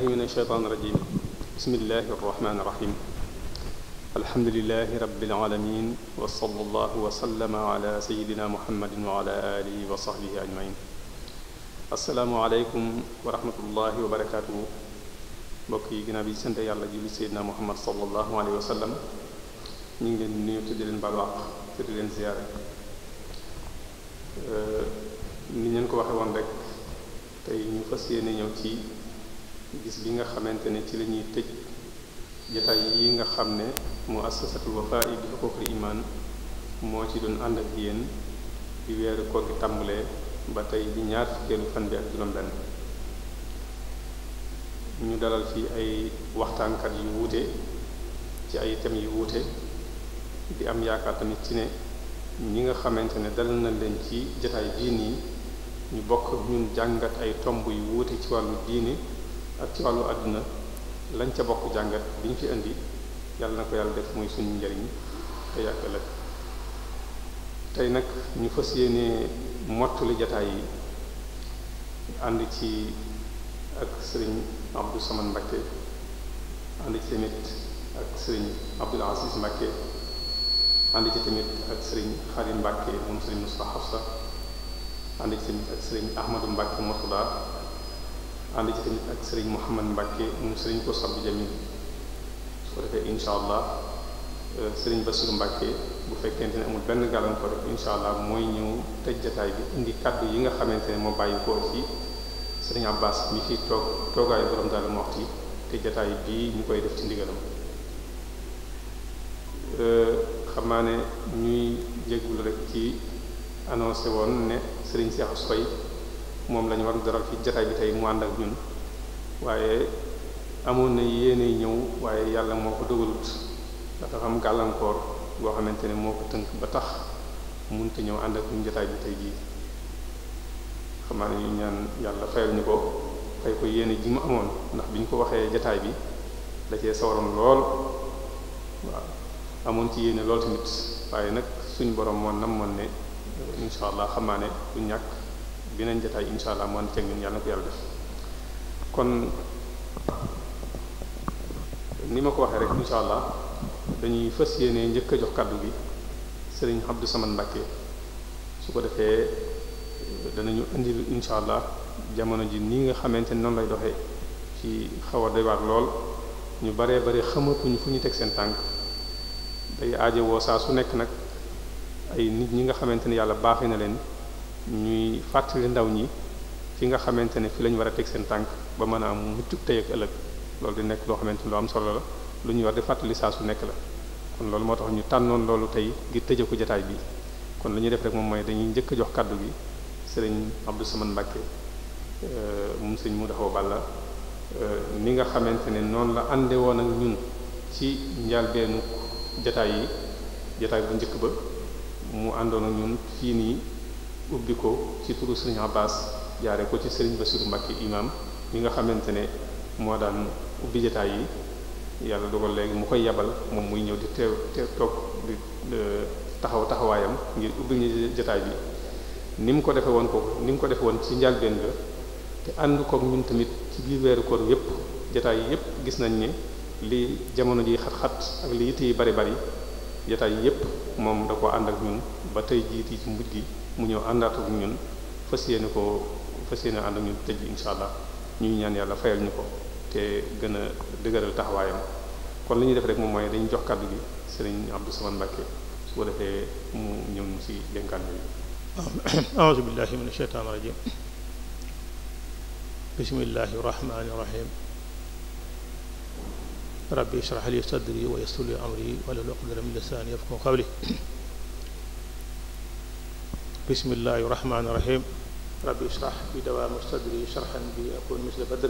billahi min asheytaan irajim bismillahi arrahmani irrahim alhamdulilahi rabbil alamin wa sallallahu wa sallama ala sayidina muhammadin wa ala alihi wa sahbihi ajmain asalaamu aleykum wa rahmatullahi wa barakatuhu mbokk yi ginnaaw bi sant yàlla julli sayidina muhammad sallallahu alayhi wa sallam ñu ngi leen nuyu te di leen baal wax te di leen ziyaare ni ñu leen ko waxe woon rek tey ñu fas yéene ñëw ci gis bi nga xamante ne ci lañuy ñuy tëj jataay yi nga xam ne mu assasatul Wafa'i bi huquqil iman moo ci doon ànd ak yéen di weeru koor gi tàmbalee ba tey di ñaar fukkeelu fan bi ak juróom-benn ñu dalal fi ay waxtaankat yu wuute ci ay thèmes yu wuute di am yaakaar tamit ci ne ñi nga xamante ne dalal na leen ci jataay bii nii ñu bokk ñun jàngat ay tomb yu wuute ci wàllu diini ak ci wàllu àdduna lañ ca bokk jàngat bi ñu fi indi yàlla na ko yàlla def muy suñu njariñ te yàgg la tey nag ñu fas yéene mottali jataay yi ànd ci ak sëriñ Abdou Samane Mbacké ànd ci tamit ak sëriñ Abdoul Aziz Mbacké ànd ci tamit ak sëriñ Khadim Mbacké moom sëriñ Moussa Hafsa ànd ci ak sëriñ Ahmadou Mbacké Murtada ànd ci ak sëriñ Mouhamad Mbacke moom sëriñ ko sabbu jamil su ko defee incha allah euh, sëriñ Bassirou Mbacke bu fekkente ne amul benn gàllankoor rek incha allah mooy ñëw tëj jataay bi indi kàddu yi nga xamante ne moo bàyyi ko ci sëriñ Abbas mi fi toog toogaayu borom daal mu waxtu te jataay bii ñu koy def ci ndigalam euh, xam naa ne ñuy jéggul rek ci annoncé woon ne sëriñ Cheikh Soy moom lañu waroon dalal fi jataay bi tey mu ànd ak ñun waaye amoon na yéene ñëw waaye yàlla moo ko dogalut dafa xam gàllankoor boo xamante ne moo ko tënk ba tax mënut a ñëw ànd ak ñun jataay bi tey jii xam ñu ñaan yàlla fayal ñu ko fay ko yéene ji mu amoon ndax bi ñu ko waxee jataay bi da cee sawaroon lool waaw amoon ci yéene lool tamit waaye nag suñu borom moo namoon ne incha allah xam naa ne du ñàkk. beneen jotaay incha allah mu ànd ceeg ñun yàlla na ko yàlla def kon ni ma ko waxee rek incha allah dañuy fas yéene njëkk a jox kàddu gi sëriñ Abdou Samane Mbacké su ko defee danañu indil incha allah jamono ji nii nga xamante ni noonu lay doxee ci xaw a doy lool ñu baree bare xamatuñu fu ñu teg seen tànk day aajowoo saa su nekk nag ay nit ñi nga xamante ni yàlla baaxee na leen. ñuy fàttali ndaw ñi fi nga xamante ne fi lañu war a teg seen tànk ba mën a am mucc tey ak ëllëg loolu di nekk loo xamante ne lu am solo la lu ñu war di fàttali saa su nekk la kon loolu moo tax ñu tànnoon loolu tey ngir tëje ko jataay bi kon li ñuy def rek moom mooy dañuy njëkk jox kàddu gi sëriñ Abdou Samane Mbacké euh, moom sëriñ mu dafa balla ni euh, nga xamante ne noonu la àndee woon ak ñun ci njàlbeenu jataay yi jataay bu njëkk ba mu àndoon ak ñun fii nii ubbi ko ci turu sëriñ Abbas jaare ko ci sëriñ Bassirou Mbacké imam mi nga xamante ne moo daan ubbi jotaay yi yàlla dogal léegi mu koy yabal moom muy ñëw di teew teew toog di taxaw taxawaayam ngir ubbi ñu jotaay bi ni mu ko defe woon ko ni mu ko defe woon ci njàlbeen ga te ànd kook ñun tamit ci biir weeru koor yépp jotaay yi yépp gis nañ ni li jamono ji xat-xat ak li yitte yi bari bari jotaay yi yépp moom da ko ànd ak ñun ba tey jiiti ci mbuj gi mu ñëw àndaat ak ñun fas yéene ko fas yéene ànd ak ñun tëj incha allah ñuy ñaan yàlla fayal ñu ko te gën a dëgëral taxawaayam kon li def rek moom mooy dañu jox kàddu gi sëriñ Abdou Samane Mbacké su ko defee mu ñëw ñu si dénkaan yooyu a'udhu billahi minash shaitanir rajim a rahmani rahim rabbi ishrah li bismillahi rahmaani rahim rabbi israh bi dawaami sadri sharhan bi akun misla badr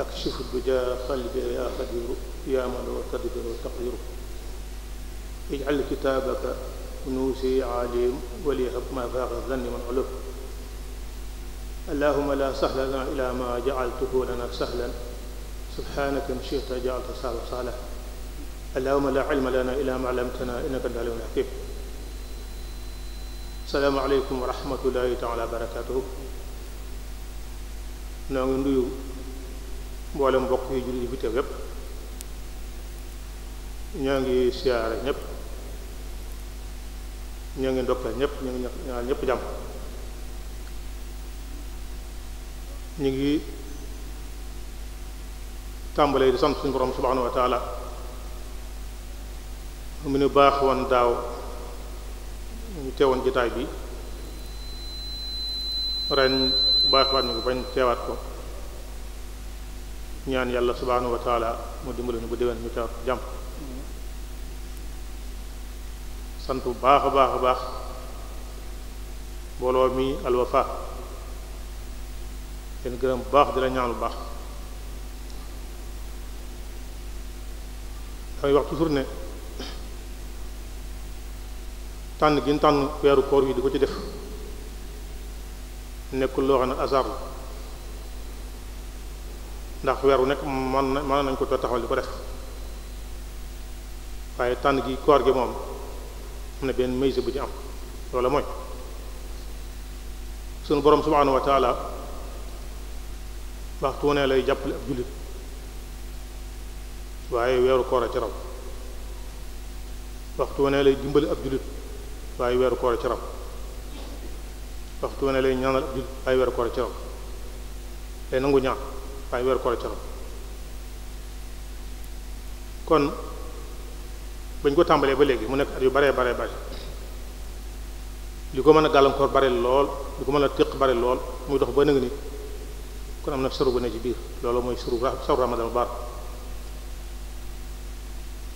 akshif duja qalbi ya qadiru ya man wa tadbiru taqdiru ij'al kitabaka nuusi alim walihab ma faaqa dhanni man ulub allahumma la sahla lana ila ma ja'altuhu lana sahlan subhanaka in shi'ta ja'alta sahla sahla allahumma la ilma lana ila ma 'allamtana innaka antal alimul hakim salaamaaleykum wa rahmatullahi taala barakaatuhu noo ngi nuyu mboolem mbokk yi jullit yi fi teew yépp ñoo ngi siyaare ñépp ñoo ngi ndokkal ñépp ñoo ngi ñaanal ñépp jàmm ñu ngi tàmbalee di sant suñu borom subhanahu wa taala mu ne baax woon daaw ñu teewoon jotaay bi ren baax baat na ko bañ teewaat ko ñaan yàlla subhaanahu wa taala mu dimbali ñu bu déwén ñu teewaat jàmm sant bu baax a baax a baax mbooloo mi alwafa leen gërëm bu baax di la ñaan bu baax damay wax toujours ne tànn gi ñu tànn weeru koor yi di ko ci def nekkul loo xam ne hasard la ndax weeru nekk man na mën nañ ko taxawal di ko def waaye tànn gi koor gi moom am na benn maysa bu ci am loola mooy sunu borom subhaanahu wa waxtu ne lay jàppale ab jullit waaye weeru koor a ci raw waxtu ne lay dimbali ak jullit waaye weeru koor ci raw waxtu wane lay ñaanal ab jullit waaye weeru koor ci raw lay nangu ñaan waaye weeru koor ci raw kon bañ ko tàmbalee ba léegi mu nekk at yu baree baree bare li ko mën a gàllankoor bare lool li ko mën a téq bare lool muy dox ba nëg ni kon am na suru bu ne ci biir loolu mooy suru sawru ramadan bu baax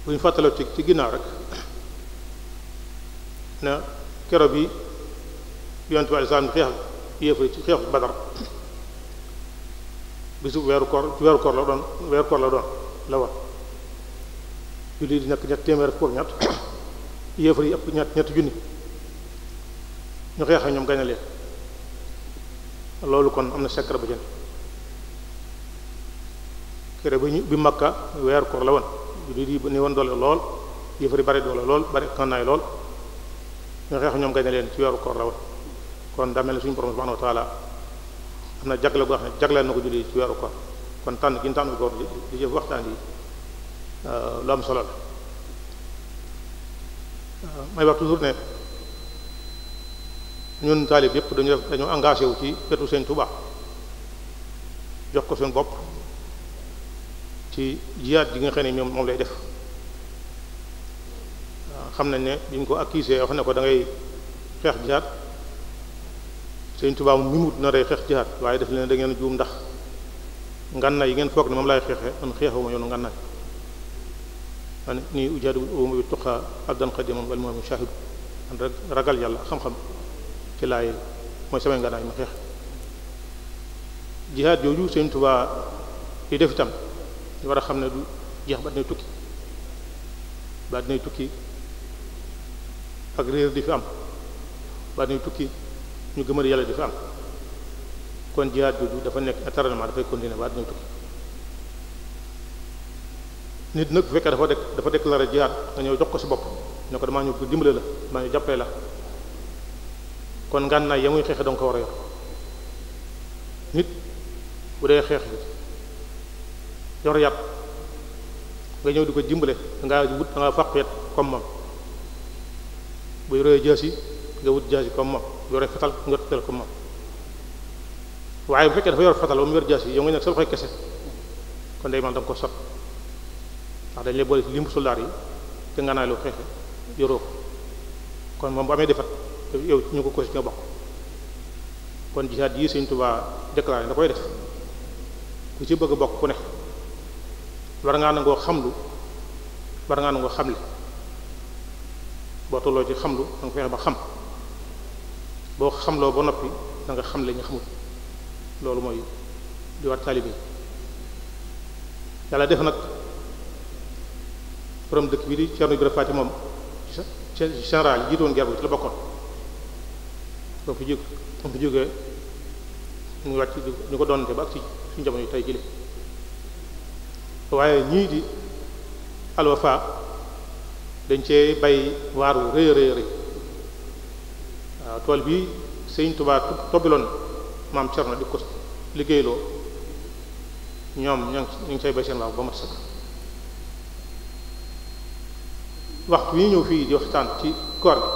bu ñu fàttaloo ci ci ginnaaw rek na kero bi yonent bi alei salaam xeex yéefari ci xeexu badar bisu weeru koor weeru koor la doon weeru koor la doon la woon julli di nekk ñett téeméer pour ñett yéefar yi ñett ñett junni ñu xeex ak ñoom gañe loolu kon am na sekkara ba jën kere bi ñu bi makka weeru koor la woon julli di ni woon doole lool yéefar yi bari doole lool bari xannaay lool ñu xeex ñoom gañ leen ci weeru koor la woon kon daa mel ne suñu borom subhanahu wa taala am na jagle goo xam ne jagleel na ko julli ci weeru koor kon tànn gi ñu tànn koor li waxtaan yi euh, lu am solo la euh, may wax toujours ne ñun taalib yépp dañu def dañu engagé wu ci wetu sëñ Tuubaa jox ko seen bopp ci jiyaat ji nga xam ne moom moom lay def xam nañ ne bi ñu ko accusé wax ne ko dangay ngay xeex jihaat sëñ Tuubaa mu mimut na rey xeex jihaat waaye def leen da ngeen juum ndax ngànnaay yi ngeen foog ne moom laay xeexe man xeexuma yoonu ngànnaay man nii ujaadu uma bi tuqaa abdan xadiman wal mu'min shahidu man ragal yàlla xam-xam ci laay mooy samay ngànnaay ma xeex jihaat jooju sëñ Tuubaa di def itam ñu war a xam ne du jeex ba dinay tukki ba dinay tukki ak réer di fi am ba nuy tukki ñu gëmal yàlla di fi am kon jihaad jooju dafa nekk éternellement dafay continuer ba nuy tukki nit nag bu fekkee dafa de dafa déclaré jihaad nga ñëw jox ko si bopp ne ko damaa ñu dimbale la maa ñu jàppale la kon ngànnaay ya muy xeexe danga ko war a yor nit bu dee xeex yor yat nga ñëw di ko dimbale dangaa wut dangaa fàq yat comme moom buy roye jaasi nga wut jaasi comme moom bu yore fetal nga fetal comme waaye bu fekkee dafa yor fetal ba mu yor jaasi yow nga nekk sa loxoy kese kon day man da ko sot ndax dañ lay boole ci limbu soldaar yi te nga naa loo xeexe yoroo ko kon moom bu amee defar yow ñu ko kosi nga bokk kon jihaad yi Sëriñ Tuubaa déclaré da koy def ku ci bëgg bokk ku ne war ngaa nangoo xamlu war ngaa nangoo xamle boo tolloo ci xamlu da nga fexe ba xam boo xamloo ba noppi da xam le ñu loolu mooy di wat taalibe yàlla def nag borom dëkk bi di Ceerno Ibrahima Faati moom général jiitoon gerbu ci la bokkoon ba fi jóg ba fi jógee ñu wàcc ñu ko doonante ba ak ci suñu jamono yi tey jële waaye ñii di Al dañ cee bay waar wu rëy rëy waaw tool bi sëñ Tuubaa tobbiloon maam Cerno di ko liggéeyloo ñoom ñoo ñu ngi cay bay seen waaw ba mat sëkk waxtu yi ñëw fii di waxtaan ci koor bi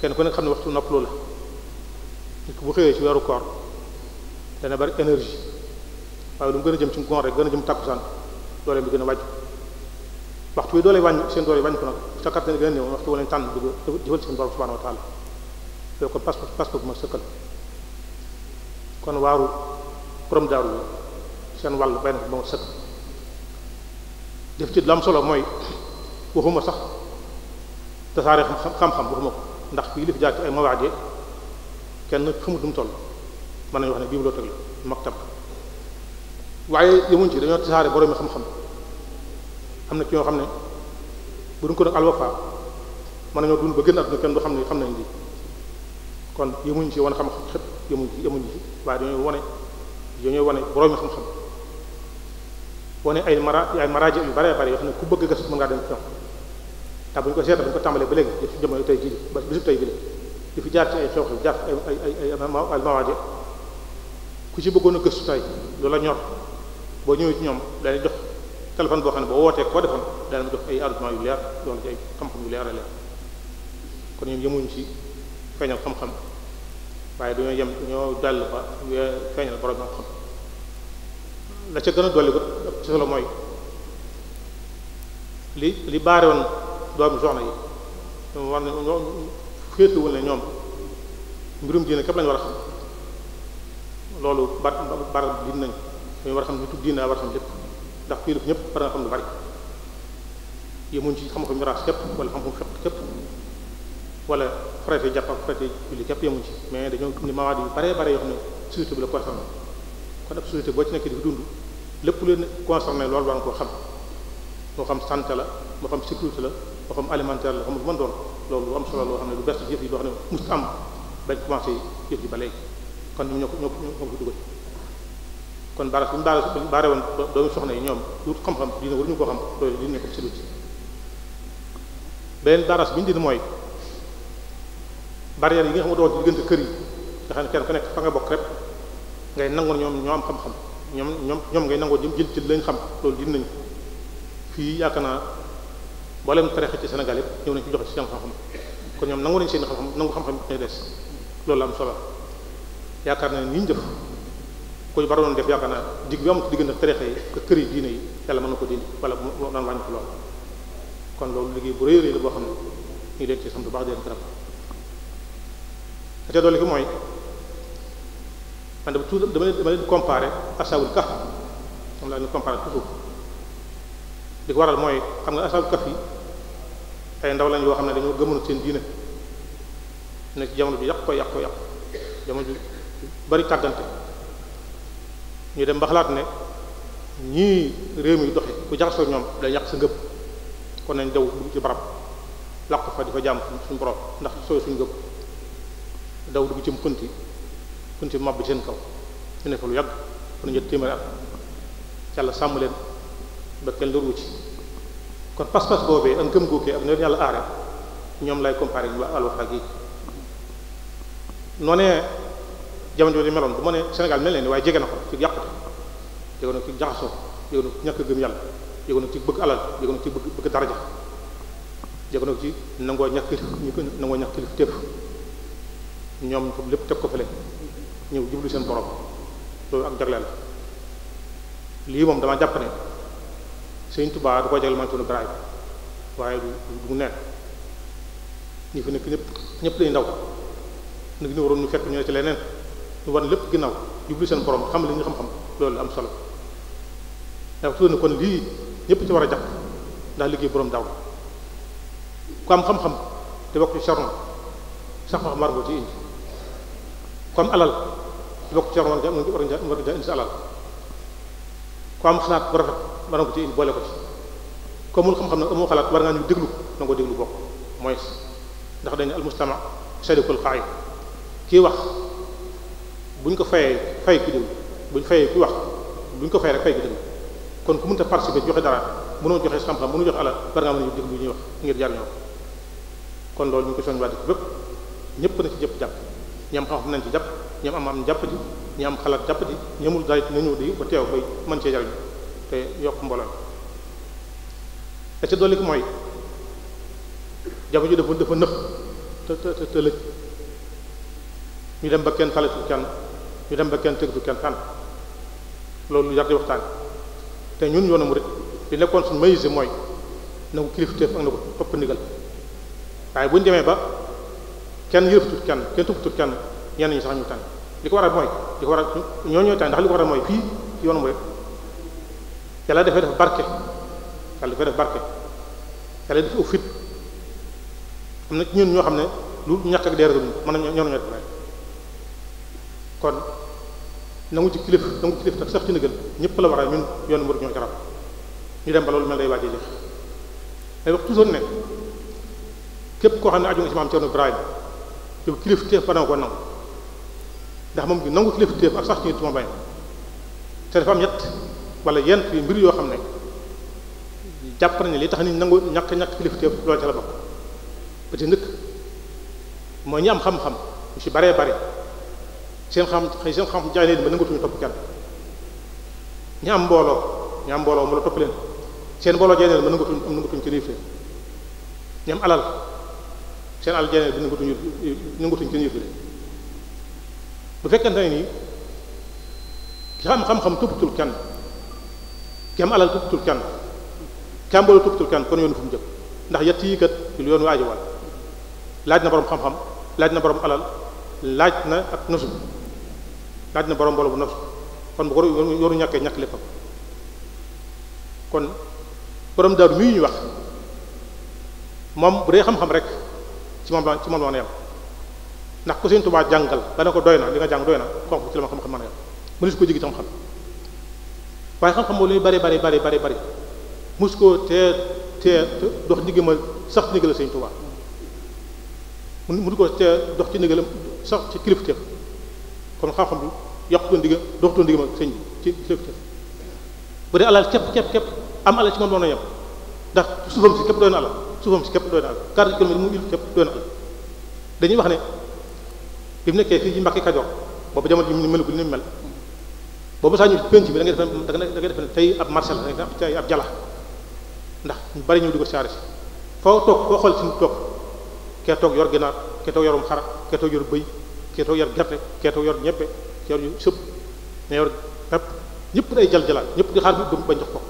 kenn ku nekk xam ne waxtu noppaloo la nit bu xëyee ci weeru koor dana bari énergie waaye lu mu gën a jëm ci ngoon rek gën a jëm tàkkusaan doole bi gën a wàcc waxtu wi doole wàññi seen doole wàññi ko nag sa kattan gën a néew waxtu wala tànn dugg jëfal seen borom subhanahu wa taala loolu kon pas pas bu ma sëkkal kon waaru borom daaru seen wàll bay na ba ma sëkk def ci lam solo mooy waxuma sax tasaare xam-xam waxuma ko ndax fii li fi jaar ci ay mawaadee kenn xamut nu mu toll nañu wax ne bibliothèque la maktab waaye yemuñ ci dañoo tasaare borom yi xam-xam. am na ci ñoo xam ne bu ñu ko nag alwafa mën nañoo dund ba gën àdduna kenn du xam ne xam nañ lii kon yemuñ ci wane xam xëpp yemuñ ci yemuñ ci waaye dañoo wane dañoo wane boroomi xam-xam wane ay mara ay maraji yu bare bare yoo xam ne ku bëgg a gëstu mën ngaa dem ci ñoom te ko seeta bu ko tàmbalee ba léegi def ci ba tey bi fi jaar ci ay xew ku ci bëggoon a gëstu tey loola ñor boo ñëwee ci ñoom dañuy jox téléphone boo xam ne boo wootee koo defoon dana jox ay argument yu leer loolu ci ay xam-xam yu leer a leer kon ci feeñal xam waaye dañoo yem dañoo jàll ca gën a dolli ko mooy li li baare woon doomu soxna yi ñoom war na ñoom féetewul ne ñoom mbirum diine képp lañu war a xam loolu bar bar lim nañ dañu war a xam nitu diine war xam lépp ndax kuy def ñëpp war na xam lu bari yemuñ ci xam-xam miraas képp wala xam-xam fiq képp wala frate jàpp ak frate julli képp yemuñ ci mais dañoo am ni mawaat yu bare bare yoo xam ne société bi la concerné kon ab boo ci nekk di dund lépp leen concerné loolu war nga koo xam moo xam santé la moo xam sécurité la moo xam alimentaire la xam lu mën doon loolu lu am solo loo xam ne lu bees jëf yi loo xam ne must am bañ commencé jëf yi ba léegi kon ñoom ñoo ko ñoo ko dugal kon baara suñu baara suñu baare woon doomu soxna yi ñoom lu xam-xam ñu waruñu koo xam loolu dina ko silu ci beneen baras bi ñu dindi mooy barrière yi nga xam ne doon ci diggante kër yi nga xam ne kenn ku nekk fa nga bokk rek ngay nangoon ñoom ñoo am xam ñoom ñoom ñoom ngay nangoo jëm jël ci lañ xam loolu dindi nañu fii yaakaar naa mboolem tarixa ci Sénégal yëpp ñëw nañu ci joxe ci seen xam-xam kon ñoom nangu nañu seen xam-xam nangu xam-xam ne des loolu am solo yaakaar naa ni ñu jëf ko waroon def yaakaar naa dig bi am ci diggante tarixa yi ak kër yi diine yi yàlla mën na ko dindi wala mu daan wàññi ko lool kon loolu liggéey bu rëy rëy boo xam ne ñu ngi leen ci sant bu baax di mooy man dama toujours dama leen dama leen comparé leen comparé toujours waral mooy xam nga asawul kaf yi ay yoo xam ne dañoo gëmoon seen diine nekk ci jamono bi yàq ko yàq ko yàq jamono ju bari tàggante ñu dem ba xalaat ne ñii réew mi doxi ku jaxasoo ñoom day yàq sa ngëb kon nañ daw dugg ci barab làqu fa di fa jàmm suñu borom ndax sooy suñu ngëb daw dugg ci punti punti mab bi seen kaw ñu ne fa lu yàgg kon ñu téeméeri at yàlla sàmm leen ba kenn loru ci kon pas-pas boobee ak gëm gookee ak ne yàlla aare ñoom lay comparé ñu waa alwaxa gi noo jamono jooju meloon bu ma ne Sénégal mel na ni waaye jege na ko ci yàqute jege na ci jaxasoo jege na ci ñàkk gëm yàlla jege na ci bëgg alal jege na ci bëgg bëgg daraja ci nangoo ñàkk kilif nangoo ñàkk kilif téef lépp teg ko fële seen borom loolu ak jagleel la lii moom dama jàpp ne Sëriñ Tuubaa du ko jagleel man tunu baraay waaye du mu nekk ñi fi nekk ñëpp ñëpp lay ndaw nag ñu waroon ñu fekk ñu ne ci leneen ñu war lépp ginnaaw jublu seen borom xam li ñu xam-xam loolu am solo ndax lii ñëpp ci war a jàpp ndax liggéey borom daaw ku am xam-xam te bokk ci charon sax ma margo ci indi alal te bokk ci charon war nga bu rafet war ko ci indi boole ko ci ku amul xam-xam nag amoo xalaat war ngaa ñu déglu na ko déglu bokk mooy ndax dañu almustama sadikul xaay kii wax bu ñu ko fayee fay ku bu ñu fayee ku wax bu ñu ko fayee rek fay ku jël kon ku mënut a participer joxe dara mënoo joxe sa xam-xam mënoo joxe alal war ngaa mën a déglu ñuy wax ngir jar kon loolu ñu ngi ko soññ waat bépp ñëpp na ci jëpp jàpp ñi am xam nañ ci jàpp ñi jàpp ci ñi jàpp ci ñi amul daal na ñëw di ba teew bay mën cee jariñ te yokk mbooloo te ca dolli mooy jamono ji dafa dafa nëb te te te lëj ñu dem ba kenn xalaatu kenn ñu dem ba kenn tëgg fi kenn tànn loolu lu jar di waxtaan te ñun yoonu murid li nekkoon suñu mayuse mooy na ko kilifteef ak na ko topp waaye bu ñu demee ba kenn yëfatut kenn kenn tupatut kenn ñenn ñi sax ñu tànn li ko waral mooy li ko waral ñoo ñooy tànn ndax li ko waral mooy fii yoonu murid yàlla dafay def barke yàlla dafay def barke yàlla def ëpp fit am na ci ñun ñoo xam ne lu ñàkk ak deer mën na ñor ñor kon nangu ci kilif nangu kilif tak sax ci nëgal ñëpp la war a ñun yoon murid ñoo jaram ñu dem ba loolu mel day waajee jeex day wax toujours ne képp ko xam ne aju nga ci maam Cerno Ibrahima yow kilif téef ba na ko nangu ndax moom gi nangu kilif téef ak sax ci nit ma bañ te dafa am ñett wala yenn fii mbir yoo xam ne jàpp nañ li tax ni nangu ñàkk ñàkk kilif téef loolu ca la bokk ba ci njëkk mooy ñi am xam-xam ñu ci baree bare seen xam seen xam jaahiliya ba nangatuñu topp kenn ñi am mbooloo ñi am mbooloo mu la topp leen seen mbooloo jaahiliya ba nangatuñu nangatuñu ci niif leen am alal seen alal jaahiliya bi nangatuñu nangatuñu ci niif leen bu fekkente ne nii ki xam xam-xam tuppatul kenn ki am alal tuppatul kenn ki am mbooloo tuppatul kenn kon yoon fu mu ndax yett yi kat lu yoon laaj na borom xam-xam laaj na borom alal laaj na ak nusu laaj na borom mbooloo bu noppi kon bu ko yoru ñàkkee ñàkk léppam kon boroom daaru mii ñu wax moom bu dee xam-xam rek ci moom la ci moom ndax ku seen tubaa jàngal dana ko doy na li jàng doy na kooku ci la ma xam-xam mën a yem ko jigi waaye xam-xam boo lu ñu bari bari bari bari bari mus koo tee tee dox ndigamal sax ci ndigal sëñ tubaa mu mënu ko tee dox ci ndigalam sax ci kilifteef kon xam-xam bi yàqutoon digga doxutoon digga ak sëñ bi ci ci bu dee alal képp képp képp am alal ci moom doon na yem ndax suufam si képp doy na alal suufam si képp doy na alal quarante mu il képp doy dañuy wax ne bi mu nekkee fii ci Mbàkke Kajoor boobu jamono ji mu melu ni mu mel boobu saa ñu penc bi da ngay da ngay def ne tey ab marché la da ngay tey ab jala ndax ñu bari ñëw di ko saare si foo toog foo xool si ñu toog kee yor ginaar kee toog yorum xara kee yor bëy kee taw yor gerte kee taw yor ñebbe kee yor yu sëb ne yor pepp ñëpp day jal jalaat ñëpp di xaar bi ba jox ko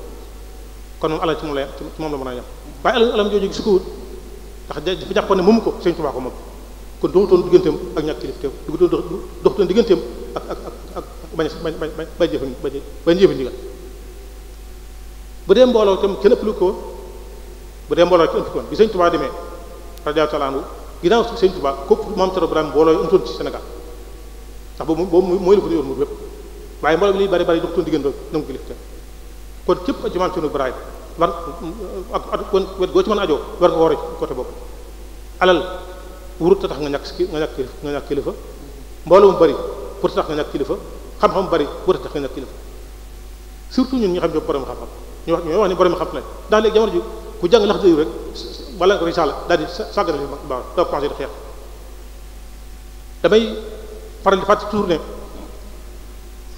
kon moom alal ci moom la ci moom la mën a yem waaye alal alam jooju gi sukkuwut ndax dafa jàppoon ne moomu ko Sëriñ Tuubaa ko moom kon doxutoon digganteem ak ñàkk kilifteem doxutoon doxutoon digganteem ak ak ak bañ bañ bañ jëfe bañ jëfe ndigal bu dee mbooloo tam kenn ëpp lu ko bu dee mbooloo kenn ëpp ko bi Sëriñ Tuubaa demee radiyallahu ta'ala anhu ginnaaw sëñ Tuubaa képp maam Cerno Birahim mbooloo yi amutoon ci Sénégal ndax boobu mooy la mu yëpp waaye mbooloo mi liy bari bari dox toon diggante nangu kilifte kon képp ci maam Cerno Birahim war ak at kon wet goo ci mën ajoo war nga woore ta nga ñàkk nga ñàkk kilifa nga ñàkk kilifa mbooloo mu bari pour tax nga ñàkk kilifa xam-xam bari pour tax nga ñàkk kilifa surtout ñun ñi xam ne borom xam-xam ñu wax ñu wax ni borom xam-xam lañ ndax léegi jamono ji ku jàng lax dayu rek wala nga ko fi saxla daal di sàggal li baax doo damay faral di fàtte toujours ne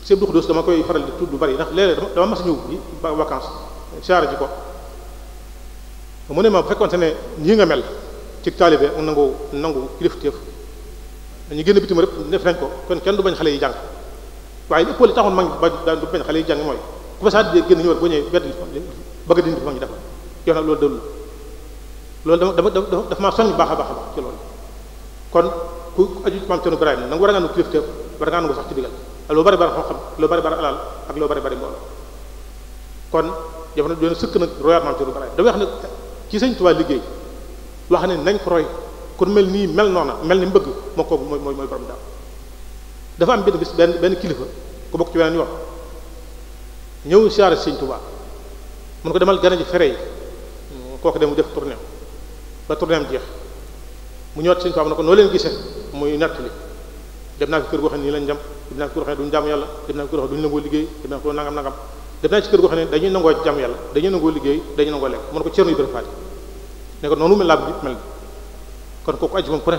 sëñ Abdou Khoudoss dama koy faral di tudd lu bari ndax léeg-léeg dama dama mas a ñëw di vacance chargé ji ko mu ne ma bu fekkoon ne ñii nga mel ci taalibe nangu nangu kilifteef ñu génn bitim rek def nañ ko kon kenn du bañ xale yi jàng waaye li ëppale taxoon mag ba du bañ xale yi jàng mooy ku fa saa di génn ñëw rek boo ñëwee bedd bëgg dindi mag ñi def yow nag loolu dalul loolu dama dama dafa maa soññ baax a baax a baax ci loolu kon ku aju maam Cerno Ibrahima nag war ngaa nangu kilifteef war ngaa nangu sax ci digal ak loo bari bari xam-xam loo bari bari alal ak loo bari bari mbooloo kon jamono doon sëkk nag royaat maam Cerno Ibrahima dama wax ne ci Sëñ Tuubaa liggéey wax ne nañ ko roy kon mel nii mel noona mel ni mbëgg moo kooku mooy mooy mooy borom daaw dafa am benn bis benn benn kilifa ku bokk ci weneen yoon ñëw siyaare Sëñ Tuubaa mun ko demal gane ji fere yi kooku dem def tournée ba tourné jeex mu ñëwaat suñu tubaab ne ko noo leen gisee muy natt li dem naa fi kër goo xam ne nii lañ jam dem naa fi kër goo xam ne duñu jaamu yàlla dem naa fi kër goo xam ne duñu nangoo liggéey dem naa fi nangam kër goo xam ne dañuy nangoo jaamu yàlla dañuy nangoo liggéey dañuy nangoo lekk mu ne ko ceerno yu bëri faati ne ko noonu mel laa mel kon kooku aji moom ku ne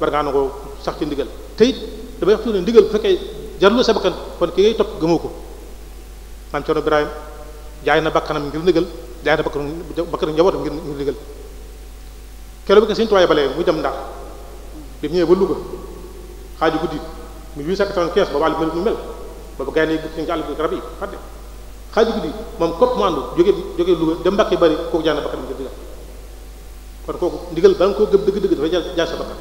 war ngaa nangoo sax ci ndigal te it damay wax ne ndigal bu fekkee jarlu sa bakkan kon ki ngay topp gëmoo ko maam ceerno Ibrahima jaay na bakkanam ngir ndigal jaay na bakkanam njabootam ngir ndigal keroog bi ko Sëriñ Tuubaa dem Ndar bi ñëwee ba Louga xaaju guddi 1895 boobu àll bi mel ni mu mel boobu gars yi nekk nañ ci àll bi garab yi xaaju guddi moom kopp mu àndu jóge jóge Louga dem Mbàkke bari kooku jaan na bakkanam ci digal kon kooku ndigal bala nga koo gëm dëgg-dëgg dafay jaay sa bakkan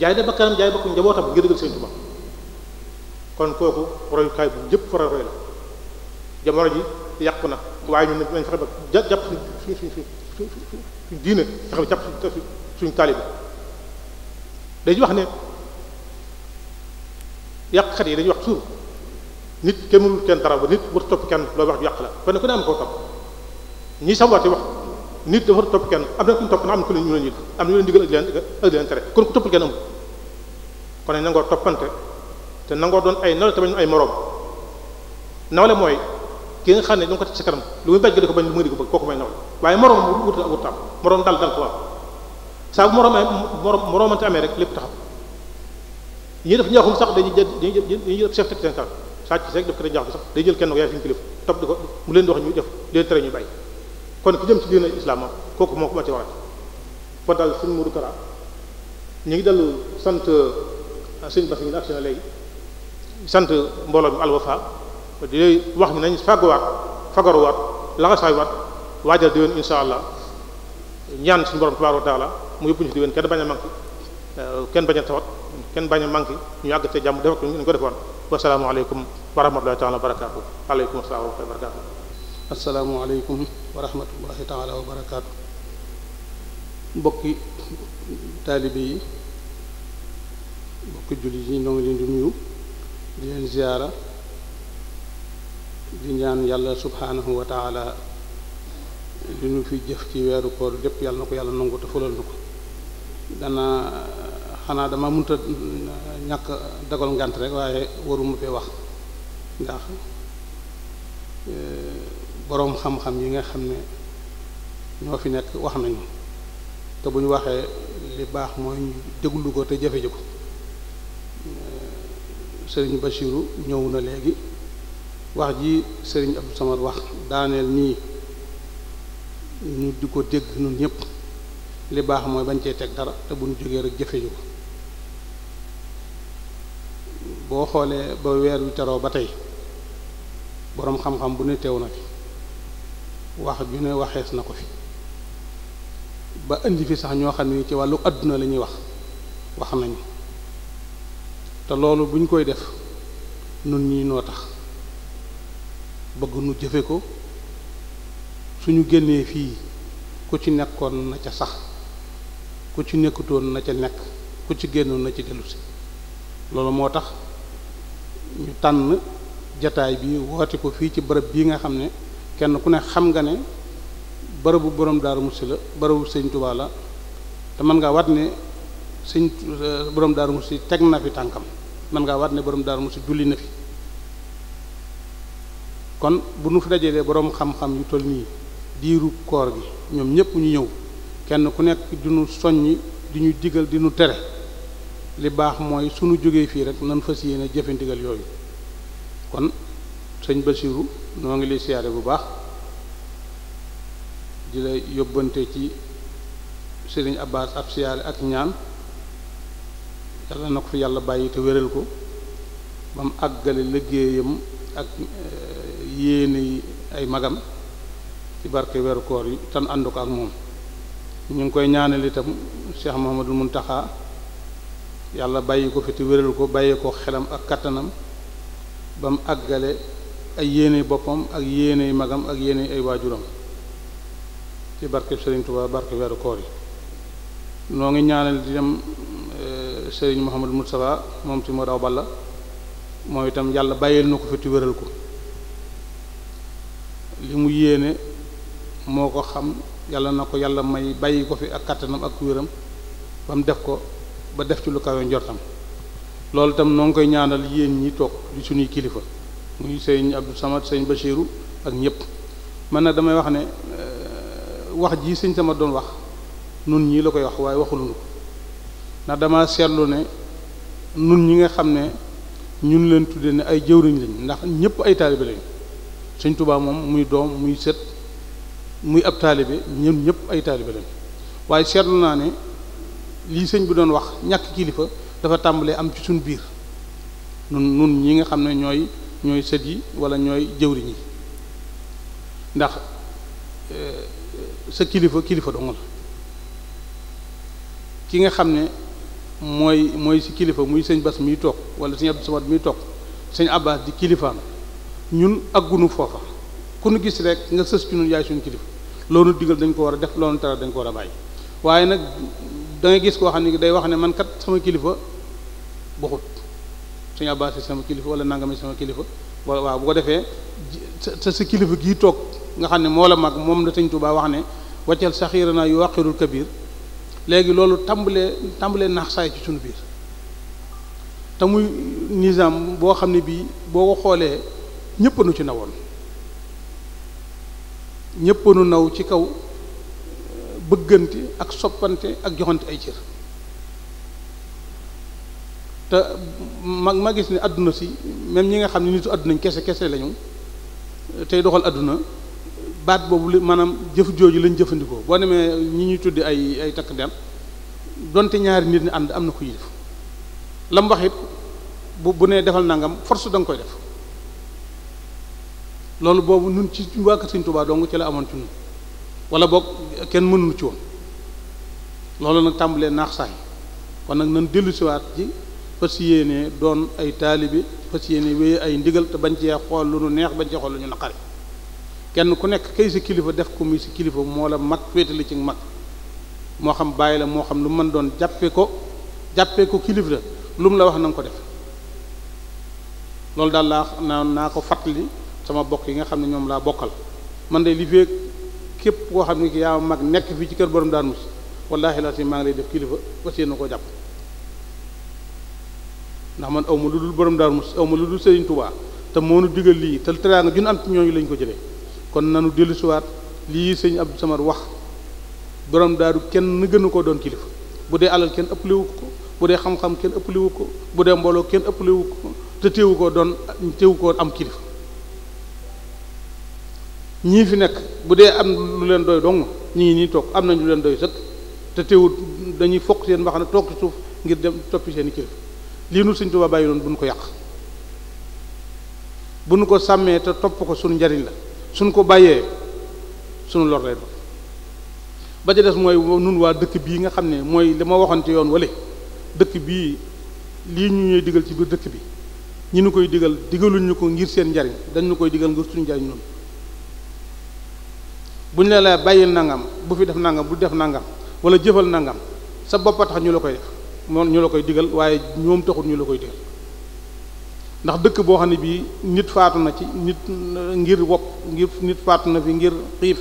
jaay na bakkanam jaay bakku njabootam ngir dëggal kon kooku royukaay bu jamono ji yàqu na waaye ñun nañ suñu diine nga xam ne jàpp suñu dañuy wax ne yàqkat yi dañuy wax suur nit kenn mënul kenn dara ba nit war topp kenn loo wax ju yàq la kon ku ne am koo topp ñi sabote wax nit dafa topp kenn am na ku ñu topp na am na ku ñu leen am na leen digal ak leen kon ku toppul kenn amul nangoo toppante te nangoo doon ay nawle te bañ ay moroom nawle mooy ki nga xam ne da nga ko teg sa kanam lu muy bañ ko di ko bañ lu muy di ko bëgg kooku may nawle waaye moroom wut wut am moroom dal dal ko waaw saa bu moroom moroom moroomante amee rek lépp taxaw ñi def njaaxum sax dañuy jël dañuy jël chef teg seen kanam sàcc si rek daf day jël kenn ko yaay fi ñu kilif topp ko mu leen di wax ñu def leen tere ñu bàyyi kon ku jëm ci diina islam kooku moo ko ma ci waral kon daal ñu ngi dellu sant sëñ Bass ñu ngi agsi sant mbooloo mi Al Wafa di wax ni nañ fagguwaat fagaruwaat laxasaaywaat waajal diwén insha allah ñaan suñu borom tabaaraka wa mu yóbbu ñu si diwén kenn bañ a manqué euh, kenn bañ a tawat kenn bañ a manqué ñu àgg ci jàmm def ko ñu ko defoon wasalaamualeykum wa rahmatullahi taala wa aleykum asalaam wa wa barakaatu asalaamualeykum wa rahmatullahi taala wa barakaatu mbokki taalibe yi mbokki jullit yi ñoo leen di nuyu di leen ziyaara di ñaan yàlla subhaanahu wa taala li ñu fi jëf ci weeru koor lépp yàlla na ko yàlla nangu te fulal na ko dana xanaa dama mënta ñàkk dagal ngant rek waaye waruma fee wax ndax e, boroom xam-xam yi nga xam ne ñoo fi nekk wax nañu te bu ñu waxee li baax mooy ñu ko te jafe ji ko e, sëriñ Bachiru ñëw na léegi wax ji sëriñ ab Samad wax daaneel nii ñu di ko dégg ñun ñëpp li baax mooy bañ cee teg dara te bu ñu jógee rek jëfe ñu ko boo xoolee ba weer wi ba tey boroom xam-xam bu ne teew na fi wax ju ne waxees na ko fi ba indi fi sax ñoo xam ne ci wàllu àdduna la ñuy wax wax nañu te loolu bu ñu koy def nun ñii noo tax bëgg nu jëfe ko suñu génnee fii ku ci nekkoon na ca sax ku ci nekkutoon na ca nekk ku ci génnoon na ci dellusi loolu moo tax ñu tànn jataay bi woote ko fii ci bërëb bii nga xam ne kenn ku ne xam nga ne bërëbu borom Daaru Muxti la bërëbu Sëñ Tuubaa te mën ngaa wat ne sëñ borom Daaru si teg na fi tànkam mën ngaa wat ne borom Daaru Muxti julli na fi kon bu nu fi dajalee boroom xam-xam yu toll nii diiru koor gi ñoom ñépp ñu ñëw kenn ku nekk di nu soññi di ñu digal di nu tere li baax mooy sunu jógee fii rek nan fas yéene jëfe ndigal yooyu kon sëñ Basiru noo ngi lay siyaare bu baax di la yóbbante ci sëriñ Abbas ab siyaare ak ñaan yàlla na ko fi yàlla bàyyi te wéral ko ba mu àggale liggéeyam ak eh, yéene ay magam ci barke weeru koor yi tan ànd ko ak moom ñu ngi koy ñaanal itam Cheikh Mouhamadul Muntaxa yàlla bàyyi ko fi ko bàyyi xelam ak kattanam ba mu àggale ay yéene boppam ak yéene magam ak yéene ay waajuram ci barke Serigne Touba barke weeru yi noo ngi ñaanal di dem eh, Serigne Mouhamadul Moustapha moom ci moo daw balla moom itam yàlla bàyyil na ko fi te ko li mu yéene moo ko xam yàlla na ko yàlla may bàyyi ko fi ak kattanam ak wéram ba mu def ko ba def ci lu kawe njortam loolu itam noo ngi koy ñaanal yéen ñi toog di suñuy kilifa muy sëñ Abdou Samad sëñ Bachiru ak ñëpp mën nag damay wax ne euh, wax ji sëñ Samad doon wax nun ñii la koy wax waaye waxulunu ndax dama seetlu ne nun ñi nga xam ne ñun leen tudde ne ay jëwriñ lañ ndax ñëpp ay taalibe lañ sëñ Tuubaa moom muy doom muy set muy ab taalibe ñun ñëpp ay taalibe lañ waaye seetlu naa ne lii sëñ bi doon wax ñàkk kilifa dafa tàmbalee am ci suñ biir nun nun ñi nga xam ne ñooy ñooy sët yi wala ñooy jëwriñ yi ndax eh, sa kilifa kilifa dong la ki nga xam ne mooy mooy si kilifa muy sëñ Bas miy toog wala sëñ Abdou Samad miy toog sëñ Abbas di kilifaam ñun ak gunu foofa ku nu gis rek nga sës ci ñun yaay suñu kilifa loolu diggal dañ ko war a def loolu tere dañ ko war a bàyyi waaye nag da gis koo xam ne day wax ne man kat sama kilifa boxut suñu abbas sama kilifa wala nangami sama kilifa wala waaw bu ko defee sa sa kilifa gi toog nga xam ne moo la mag moom la Sëñ Tuubaa wax ne waccal saxiira naa yu waqirul kabir léegi loolu tàmbalee tàmbalee naax saay ci suñu biir te muy nizaam boo xam ne bii boo ko xoolee ñëpp ci nawoon ñëpp nu naw ci kaw bëggante ak soppante ak joxante ay cër te mag ma gis ne àdduna si même ñi nga xam ne nitu àdduna kese kese lañu tey doxal àdduna baat boobu li maanaam jëf jooju lañ jëfandikoo boo demee ñi ñuy tuddi ay ay takk der donte ñaari nit ñi ànd am na ko yilif la mu wax it bu bu nee defal nangam force da nga koy def loolu boobu nun ci waa kër Sëriñ Tuubaa dong ci la amoon ci nun wala boog kenn mënul ci woon loolu nag tàmbalee naax saay kon nag nan dellu siwaat ji fas yéene doon ay taalibe fas yéene wéye ay ndigal te bañ cee xool lu nu neex bañ cee xool lu ñu naqari kenn ku nekk kay si kilifa def ko muy si kilifa moo la mag féetali cig mag moo xam bàyyi la moo xam lu mën doon jàppee ko jàppee ko kilifa la lu mu la wax na ko def loolu daal laa naa naa ko fàttali sama bokk yi nga xam ne ñoom laa bokkal man de li képp koo xam ne ki yaa mag nekk fii ci kër borom daan mus wallaahi la si maa ngi lay def kilifa fas yéene koo jàpp ndax man aw ma lu dul borom daan mus aw ma lu dul Serigne Touba te moo nu digal lii te teraanga ju nu am ci ñooñu lañ ko jëlee kon nanu dellusiwaat lii sëñ ab Samad wax borom daaru kenn gënu koo doon kilifa bu dee alal kenn ëpp lewu ko bu dee xam-xam kenn ëpp lewu ko bu dee mbooloo kenn ëpp ko te teewu koo doon teewu koo am kilifa. ñii fi nekk bu dee am lu leen doy dong ñi ngi nii toog am nañ lu leen doy sëkk te teewut dañuy fokk seen mbaxana toog suuf ngir dem toppi seen i kilifa lii nu Sëñ Tuubaa bàyyi loon bu ko yàq bu ñu ko sàmmee te topp ko suñu njariñ la suñ ko bàyyee suñu lor lay doon ba ca des mooy nun waa dëkk bii nga xam ne mooy li ma waxoon ci yoon wale dëkk bii lii ñu ñuy digal ci biir dëkk bi ñu ñu koy digal digaluñ ñu ko ngir seen njariñ dañ ñu koy digal ngir suñu njariñ noonu bu ñu la bàyyil nangam bu fi def nangam bu def nangam wala jëfal nangam sa bopp tax ñu la koy def moom ñu la koy digal waaye ñoom taxul ñu la koy digal ndax dëkk boo xam ne bii nit faatu na ci nit ngir wopp ngir nit faatu na fi ngir xiif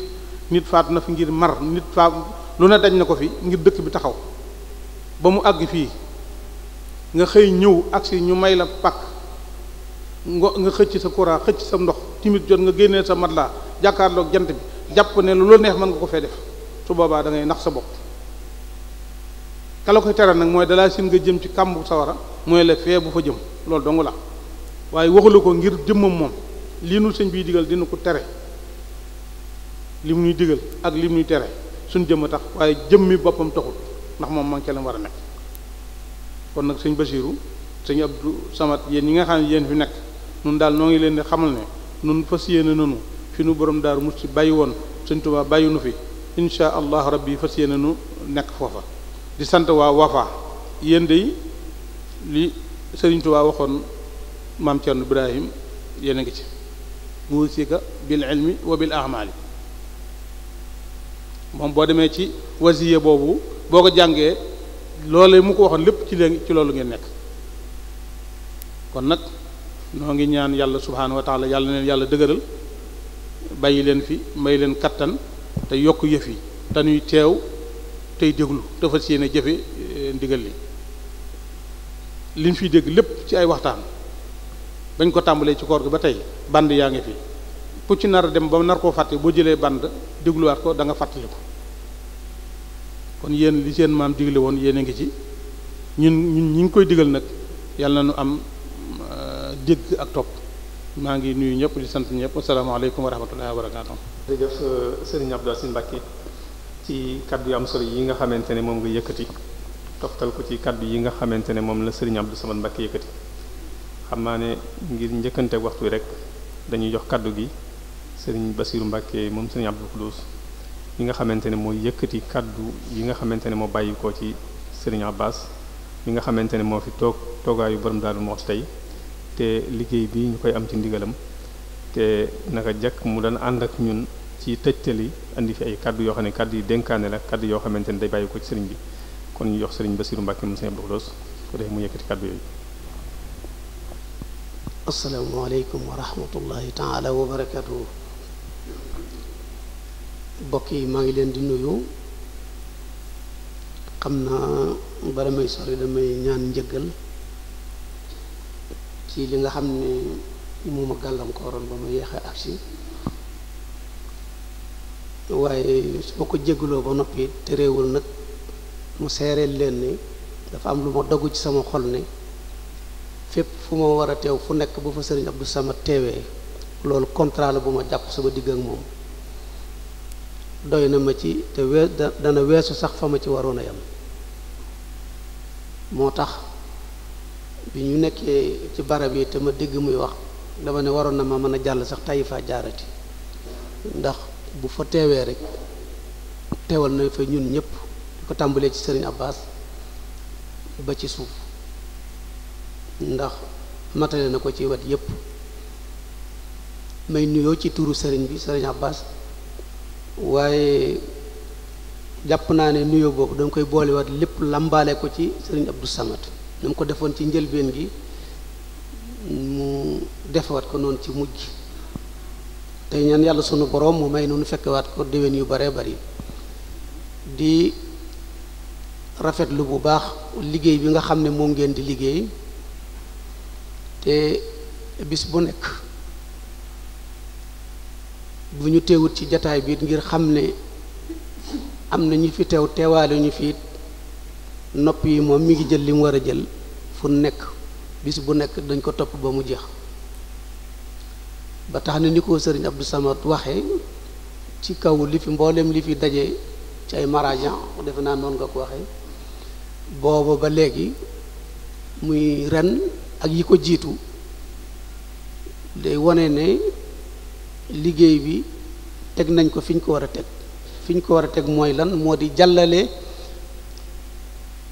nit faatu na fi ngir mar nit faatu lu ne daj na ko fi ngir dëkk bi taxaw ba mu àgg fii nga xëy ñëw agsi ñu may la pakk nga xëcc sa courant xëcc sa ndox timit jot nga génnee sa mat matelas jàkkaarloog jant bi jàpp ne lu neex mën nga ko fee def su boobaa dangay ngay nax sa bopp ka koy tere nag mooy dalaa sim nga jëm ci kàmbu sawara mooy la fee bu fa jëm loolu dongu la waaye waxula ko ngir jëmmam moom lii nu sëñ biy digal dina ko tere li mu ñuy digal ak li mu tere suñ jëmm tax waaye jëm mi boppam taxul ndax moom man la war a nekk kon nag sëñ Basiiru sëñ Abdou Samad yéen yi nga xam ne yéen fi nekk nun daal noo ngi leen di xamal ne nun fas yéene nanu fi nu borom daaru mu ci bàyyi woon sëñ Tuubaa bàyyi nu fi insha allah rabbi fas yéene nu nekk foofa di sant waa wafa yéen dey li sëriñ Tuubaa waxoon maam Cerno Ibrahim yéen a ngi ci muusika bil ilmi wa bil ahmaali moom boo demee ci wasiye boobu boo ko jàngee loolee mu ko waxoon lépp ci leen ci loolu ngeen nekk kon nag noo ngi ñaan yàlla subhaanahu wa taala yàlla neen yàlla dëgëral bàyyi leen fi mbay leen kattan te yokk yëf yi te ñuy teew tey déglu te fas yéene jëfe eh, ndigal li liñ fiy dégg lépp ci ay waxtaan bañ ko tàmbalee ci koor gi ba tey band yaa ngi fi ku ci nar a dem ba nar koo fàtte boo jëlee band dégluwaat ko danga fàttali ko kon yéen li seen maam digle woon yéen a ngi ci ñun ñun ñi ngi koy digal nag yàlla na nu am eh, dégg ak topp maa ngi nuyu ñëpp lu sant ñëpp asalaamaaleykum wa rahmatullahi wa barakaatu. jërëjëf euh, Serigne Abdou Aziz ci kaddu yu am solo yi nga xamante ne moom yëkkati toftal ko ci kaddu yi nga xamante ne moom la Serigne Abdou Samad Mbacké yëkkati xam naa ne ngir njëkkante waxtu rek dañuy jox kaddu gi sëriñ Bassirou Mbacké moom Serigne Abdou Khoudoss yi nga xamante ne mooy yëkkati kaddu yi nga xamante ne moo bàyyi ko ci Serigne Abbas yi nga xamante ne moo fi toog toogaayu borom Daaru Muxti tey. te liggéey bi ñu koy am ci ndigalam te naka jekk mu daan ànd ak ñun ci tëjtali indi fi ay kaddu yoo xam ne kaddu yi dénkaane la kaddu yoo xamante ne day bàyyi ko bi kon ñu jox sëriñ Bassirou Mbacké mu sëriñ Abdou Khoudoss mu yëkkati kaddu yooyu asalaamaaleykum wa rahmatullahi taala wa barakatuhu yi maa ngi leen di nuyu xam naa bala may sori damay ñaan njëggal ci li nga xam ne moom a gàllankooroon ba ma yéex a waaye su ma ko jégaloo ba noppi te réewul nag mu seereel leen ni dafa am lu ma dogu ci sama xol ne fépp fu ma war a teew fu nekk bu fa sëriñ Abdou Samad teewee loolu contrat la bu ma jàpp sama digg ak moom doy na ma ci te wee dana weesu sax fa ma ci waroon a yam moo tax bi ñu nekkee ci barab yi te ma dégg muy wax dama ne waroon na ma mën a jàll sax tàyyi faa jaarati ndax bu fa teewee rek teewal na fa ñun ñëpp di ko tàmbalee ci sëriñ Abbas ba ci suuf ndax matale na ko ci wet yépp may nuyoo ci tuuru sëriñ bi sëriñ Abbas waaye jàpp naa ne nuyoo boobu dañ koy boolewaat lépp lambaale ko ci sëriñ Abdou Samad na ko defoon ci njëlbeen gi mu defewaat ko noonu ci mujj tey ñaan yàlla sunu boroom mu may noonu fekkewaat ko déwén yu baree bari di rafetlu bu baax liggéey bi nga xam ne moom ngeen di liggéey te bis bu nekk bu ñu teewut ci jataay biit ngir xam ne am na ñu fi teew teewaale ñu fi nopp yi moom mi ngi jël li mu war a jël fu nekk bis bu nekk dañ ko topp ba mu jeex ba tax na ni ko sëriñ Abdou Samad waxee ci kaw li fi mbooleem li fi daje ci ay marajan defe naa noonu nga ko waxe booba ba léegi muy ren ak yi ko jiitu day wone ne liggéey bi teg nañ ko fi ñu ko war a teg fi ñu ko war a teg mooy lan moo di jàllale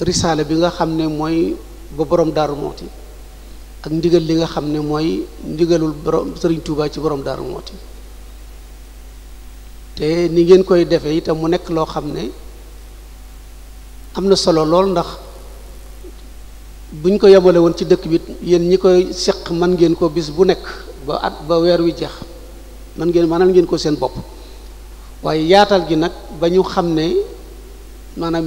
risaale bi nga xam ne mooy ba borom daaru mooti ak ndigal li nga xam ne mooy ndigalul borom sëriñ Touba ci borom daaru mooti te ni ngeen koy defee itam mu nekk loo xam ne am na solo lool ndax buñ ko yemale woon ci dëkk bi yéen ñi koy seq man ngeen ko bis bu nekk ba at ba weer wi jeex man ngeen maanaam ngeen ko seen bopp waaye yaatal gi nag ba ñu xam ne maanaam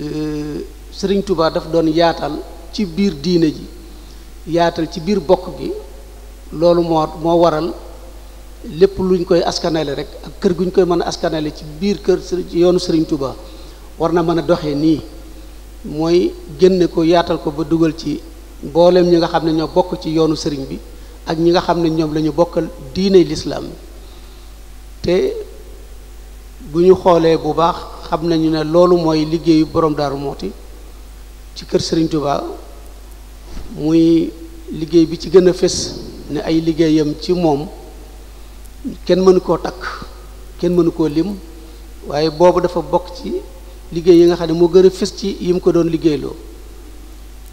euh, sëriñ Touba daf doon yaatal ci biir diine ji yaatal ci biir bokk gi loolu moo moo waral lépp luñ koy askanale rek ak kër guñ koy mën a askanale ci biir kër ci yoonu sëriñ Touba war na mën a doxee nii mooy génne ko yaatal ko ba dugal ci mbooleem ñi nga xam ne ñoo bokk ci yoonu sëriñ bi ak ñi nga xam ne ñoom lañu bokkal diine lislaam te bu ñu xoolee bu baax xam nañu ne loolu mooy liggéeyu borom Daaru Muxti ci kër sëriñ Touba muy liggéey bi ci gën a fés ne ay liggéeyam ci moom kenn mënu koo takk kenn mënu koo lim waaye boobu dafa bokk ci liggéey yi nga xam ne moo gën a fés ci yi mu ko doon liggéeyloo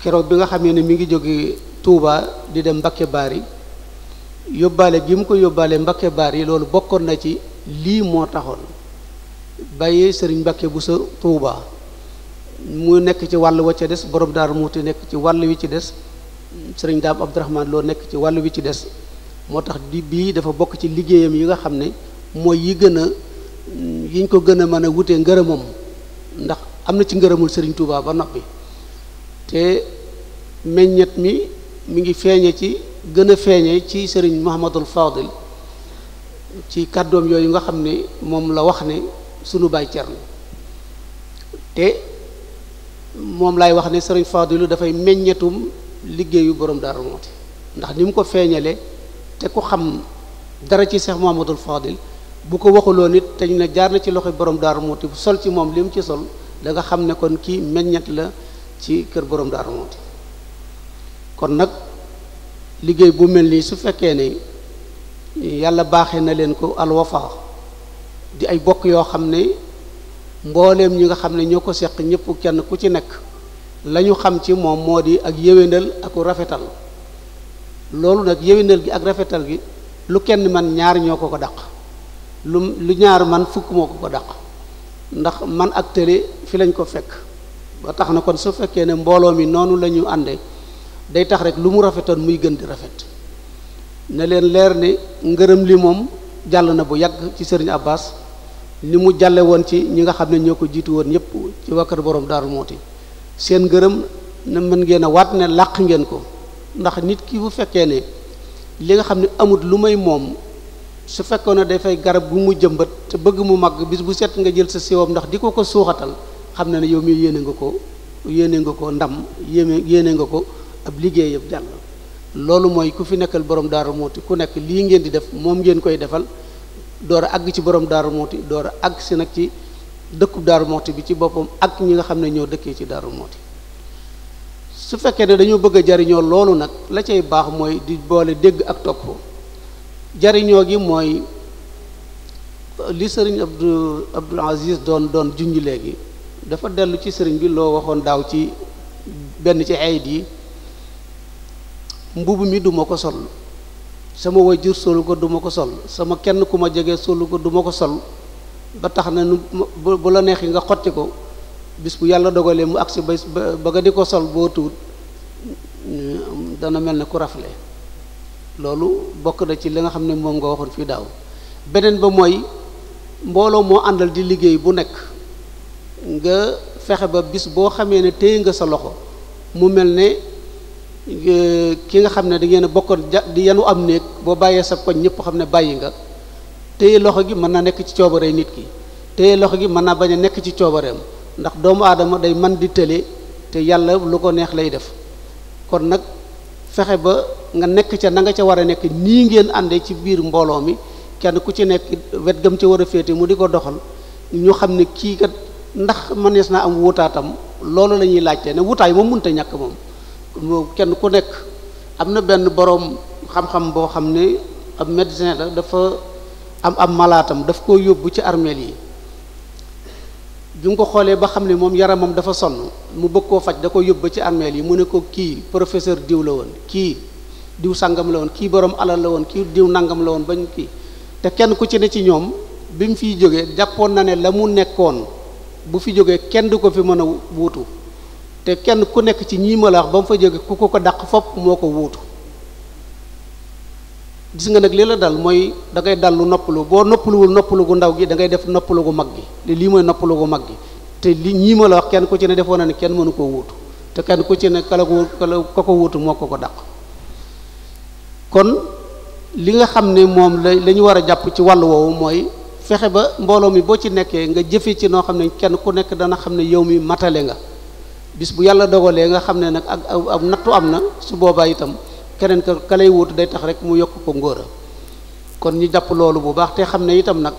keroog bi nga xamee ne mi ngi jóge Touba di dem Mbakke Baari yóbbaale gi mu ko yóbbaale Mbakke yi loolu bokkoon na ci lii moo taxoon bàyyee sëriñ Mbakke bu sa Touba. mu nekk ci wàll wa ca des borom daaru muuti nekk ci wàll wi ci des sëriñ daam abdurahmaan loo nekk ci wàll wi ci des moo tax di bii dafa bokk ci liggéeyam yi nga xam ne mooy yi gën a yiñ ko gën a mën a wute ngërëmam ndax am na ci ngërëmul sëriñ Touba ba noppi te meññet mi mi ngi feeñe ci gën a feeñe ci sëriñ Muhammadul Fadil ci kàddoom yooyu nga xam ne moom la wax ne sunu baay Cerno te moom laay wax ne sëriñ Fadilu dafay meññetum liggéeyu borom Darou Mouhty ndax ni mu ko feeñale te ku xam dara ci Cheikh Mouhamadoul Fadil bu ko waxuloo nit te ñu ne jaar na ci loxo boroom daaru Mouhty bu sol ci moom li mu ci sol da nga xam ne kon kii meññet la ci kër borom Darou Mouhty kon nag liggéey bu mel nii su fekkee ne yàlla baaxe na leen ko alwafa di ay bokk yoo xam ne mbooleem ñi nga xam ne ñoo ko seq ñëpp kenn ku ci nekk la ñu xam ci moom moo di ak yéwénal aku rafetal loolu nag yéwénal gi ak rafetal gi lu kenn man ñaar ñoo ko ko daq lu lu ñaar man fukk ko ko daq ndax man ak tële fi lañ ko fekk ba tax na kon su fekkee ne mbooloo mi noonu la ñu ànde day tax rek lu mu rafetoon muy gën di rafet ne leen leer ne ngërëm li moom jàll na bu yàgg ci sëriñ Abbas ni mu jàlle woon ci ñi nga xam ne ñoo ko jiitu woon ñëpp ci wakkar borom daaru mooti seen ngërëm na mën ngeen a waat ne làq ngeen ko ndax nit ki bu fekkee ne li nga xam ne amut lu may moom su fekkoon ne dafay garab gu mu jëmbat te bëgg mu màgg bis bu set nga jël sa siwam ndax di ko ko suuxatal xam na ne yow mii yéene nga ko yéene nga ko ndam yéeme yéene nga ko ab liggéey yëpp jàll mooy ku fi nekkal borom daaru mooti ku nekk lii ngeen di def moom ngeen koy defal door a àgg ci borom daaru mooti door a àgg si nag ci dëkku daaru mooti bi ci boppam ak ñi nga xam ne ñoo dëkkee ci daaru mooti su fekkee ne dañoo bëgg a jariñoo loolu nag la cay baax mooy di boole dégg ak topp jariñoo gi mooy euh, li sëriñ Abdou Abdul Aziz doon doon junj léegi dafa dellu ci sëriñ bi loo waxoon daaw ci benn ci ayit yi mbubb mi duma ko sol sama jur solu ko duma ko sol sama kenn ku ma jege solu ko duma ko sol ba tax na nu bu la neex yi nga xotti ko bis bu yàlla dogalee mu agsi ba ba nga di ko sol boo tuut dana mel ne ku rafle loolu bokk na ci li nga xam ne moom nga waxoon fii daaw beneen ba mooy mbooloo moo àndal di liggéey bu nekk nga fexe ba bis boo xamee ne téye nga sa loxo mu mel ne ki nga xam ne da ngeen a ja di yanu am néeg boo bàyyee sa koñ ñëpp xam ne bàyyi nga téye loxo gi mën naa nekk ci coobare nit ki téye loxo gi mën naa bañ a nekk ci coobareem ndax doomu aadama day man di tële te yàlla lu ko neex lay def kon nag fexe ba nga nekk ca na nga ca war a nekk nii ngeen àndee ci biir mbooloo mi kenn ku ci nekk wet gam ca war a féete mu di ko doxal ñu xam ne kii kat ndax mënees naa am wutaatam loolu la ñuy laajte ne wutaay moom mënta ñàkk moom kenn ku nekk am na benn boroom xam-xam boo xam ne ab médecin la dafa am am malaatam daf koo yóbbu ci armeel yi bi mu ko xoolee ba xam ne moom yaramam dafa sonn mu bëgg koo faj da ko yóbbu ci armeel yi mu ne ko kii professeur diw la woon kii diw sàngam la woon kii boroom alal la woon kii diw nangam la woon bañ kii te kenn ku ci ne ci ñoom bi mu fiy jógee jàppoon na ne la mu nekkoon bu fi jógee kenn du ko fi mën a wuutu te kenn ku nekk ci ñii ma la wax ba mu fa jóge ku ko ko dàq fopp moo ko wuutu gis nga nag li la dal mooy da ngay dal lu noppalu boo noppaluwul noppalu gu ndaw gi dangay ngay def noppalu gu mag gi lii mooy noppalu gu mag gi te lii ñii ma la wax kenn ku ci ne defoon na ne kenn mënu koo wuutu te kenn ku ci ne kala ko ko ko wuutu moo ko ko dàq kon li nga xam ne moom la lañu war a jàpp ci wàllu woowu mooy fexe ba mbooloo mi boo ci nekkee nga jëfe ci noo xam ne kenn ku nekk dana xam ne yow mi matale nga bis bu yàlla dogalee nga xam ne nag ak ak nattu am na su boobaa itam keneen ka ka lay day tax rek mu yokk ko ngóora kon ñu jàpp loolu bu baax te xam ne itam nag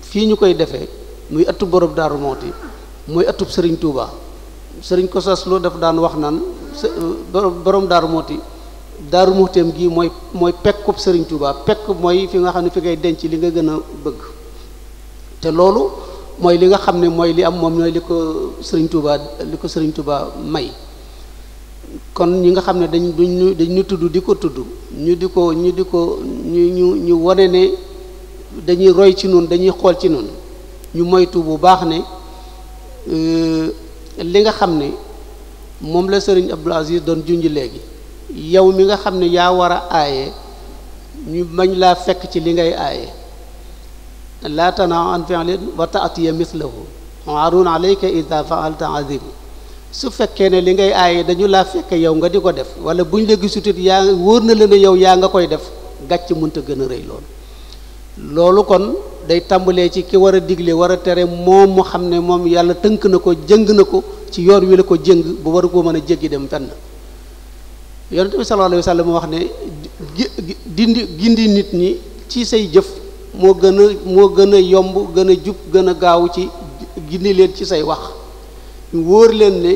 fii ñu koy defee muy ëttu borom Daaru Muxti muy ëttub Sëriñ Tuubaa Sëriñ Kosas Lo daf daan wax naan borom Daaru Muxti Daaru Muxteem gii mooy mooy pekkub Sëriñ Tuubaa pekk mooy fi nga xam ne fi ngay denc li nga gën a bëgg te loolu mooy li nga xam ne mooy li am moom mooy li ko sëriñ Touba ko sëriñ Touba may kon ñi nga xam ne dañ duñ dañ tudd di ko tudd ñu di ko ñu di ko ñu ñu ñu wane ne dañuy roy ci noonu dañuy xool ci noonu ñu moytu bu baax ne euh, li nga xam ne moom la sëriñ Abdul Aziz doon junj léegi yow mi nga xam ne yaa war a aaye ñu mañ laa fekk ci li ngay aaye laa tanha an fi'lin wa ta'tiya mithlahu aarun alayka idha fa'alta azim su fekkee ne li ngay aaye dañu laa fekk yow nga di ko def wala buñ la gisutit yaa wóor na la ne yow yaa nga koy def gàcc mënta gën a rëy loolu loolu kon day tàmbalee ci ki war a digle war a tere moom mu xam ne moom yàlla tënk na ko jëng na ko ci yoon wi la ko jëng bu war koo mën a jéggi dem fenn yonent bi sallallahu alayhi wa sallam wax ne dindi gindi nit ñi ci say jëf moo gën a moo gën a yomb gën a jub gën a gaaw ci gindi leen ci say wax ñu wóor leen ne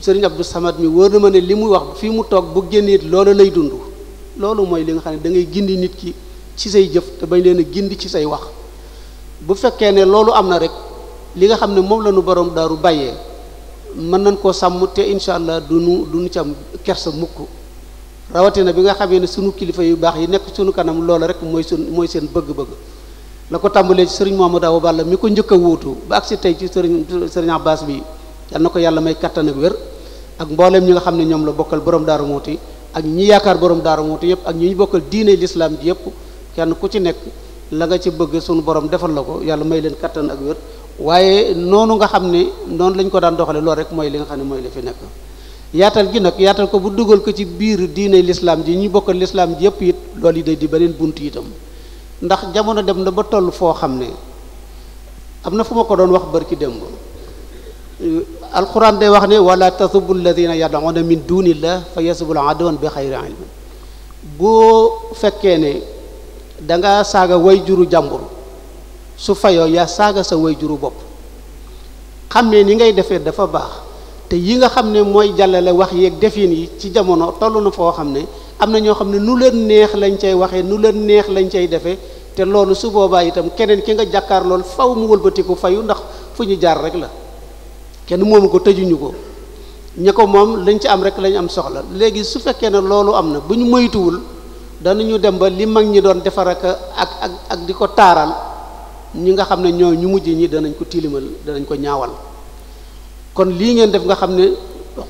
sëriñ du Samad mi wóor na ma ne li muy wax fii mu toog bu génnit loolu lay dund loolu mooy li nga xam ne da ngay gindi nit ki ci say jëf te bañ leen a gindi ci say wax bu fekkee ne loolu am na rek li nga xam ne moom lanu ñu borom daaru bàyyee mën nañ koo sàmm te incha allah du nu du nu ci am kersa mukk rawatina bi nga xamee ne sunu kilifa yu baax yi nekk sunu kanam loola rek mooy sun mooy seen bëgg-bëgg la ko tàmbalee ci sëriñ Mamadou Awa Balla mi ko njëkk a wuutu si tey ci sëriñ sëriñ Abbas bi yal ko yàlla may kattan ak wér ak mbooleem ñi nga xam ne ñoom la bokkal borom Daaru Muuti ak ñi yaakaar borom Daaru Muuti yëpp ak ñu ñu bokkal diine lislaam ji yëpp kenn ku ci nekk la nga ci bëgg sunu borom defal la ko yàlla may leen kattan ak wér waaye noonu nga xam ne noonu lañ ko daan doxale loolu rek mooy li nga xam ne mooy li fi nekk yaatal gi nag yaatal ko bu dugal ko ci biir diina lislaam ji ñu bokkal lislaam ji yëpp it lool yi day di beneen bunt itam ndax jamono dem na ba toll foo xam ne am na fu ma ko doon wax barki démb alquran day wax ne wala tasubu alladina yad'una min dunillah fa yasubul adwan bi xayri ilmin boo fekkee ne danga saaga way juru jàmbur su fayoo yaa saaga sa way juru bopp xam ne ni ngay defee dafa baax te yi nga xam ne mooy jàllale wax yeeg defin yi ci jamono toll na foo xam ne am na ñoo xam ne nu leen neex lañ cay waxee nu leen neex lañ cay defee te loolu su boobaa itam keneen ki nga jàkkaar lool faw mu wëlbatiku fayu ndax fu ñu jaar rek la kenn moomu ko tëjuñu ko ña ko moom lañ ci am rek lañ am soxla léegi su fekkee ne loolu am na bu ñu moytuwul danañu dem ba li mag ñi doon defar ak ak ak di ko taaral ñi nga xam ne ñoo ñu mujj ñi danañ ko tilimal danañ ko ñaawal kon lii ngeen def nga xam ne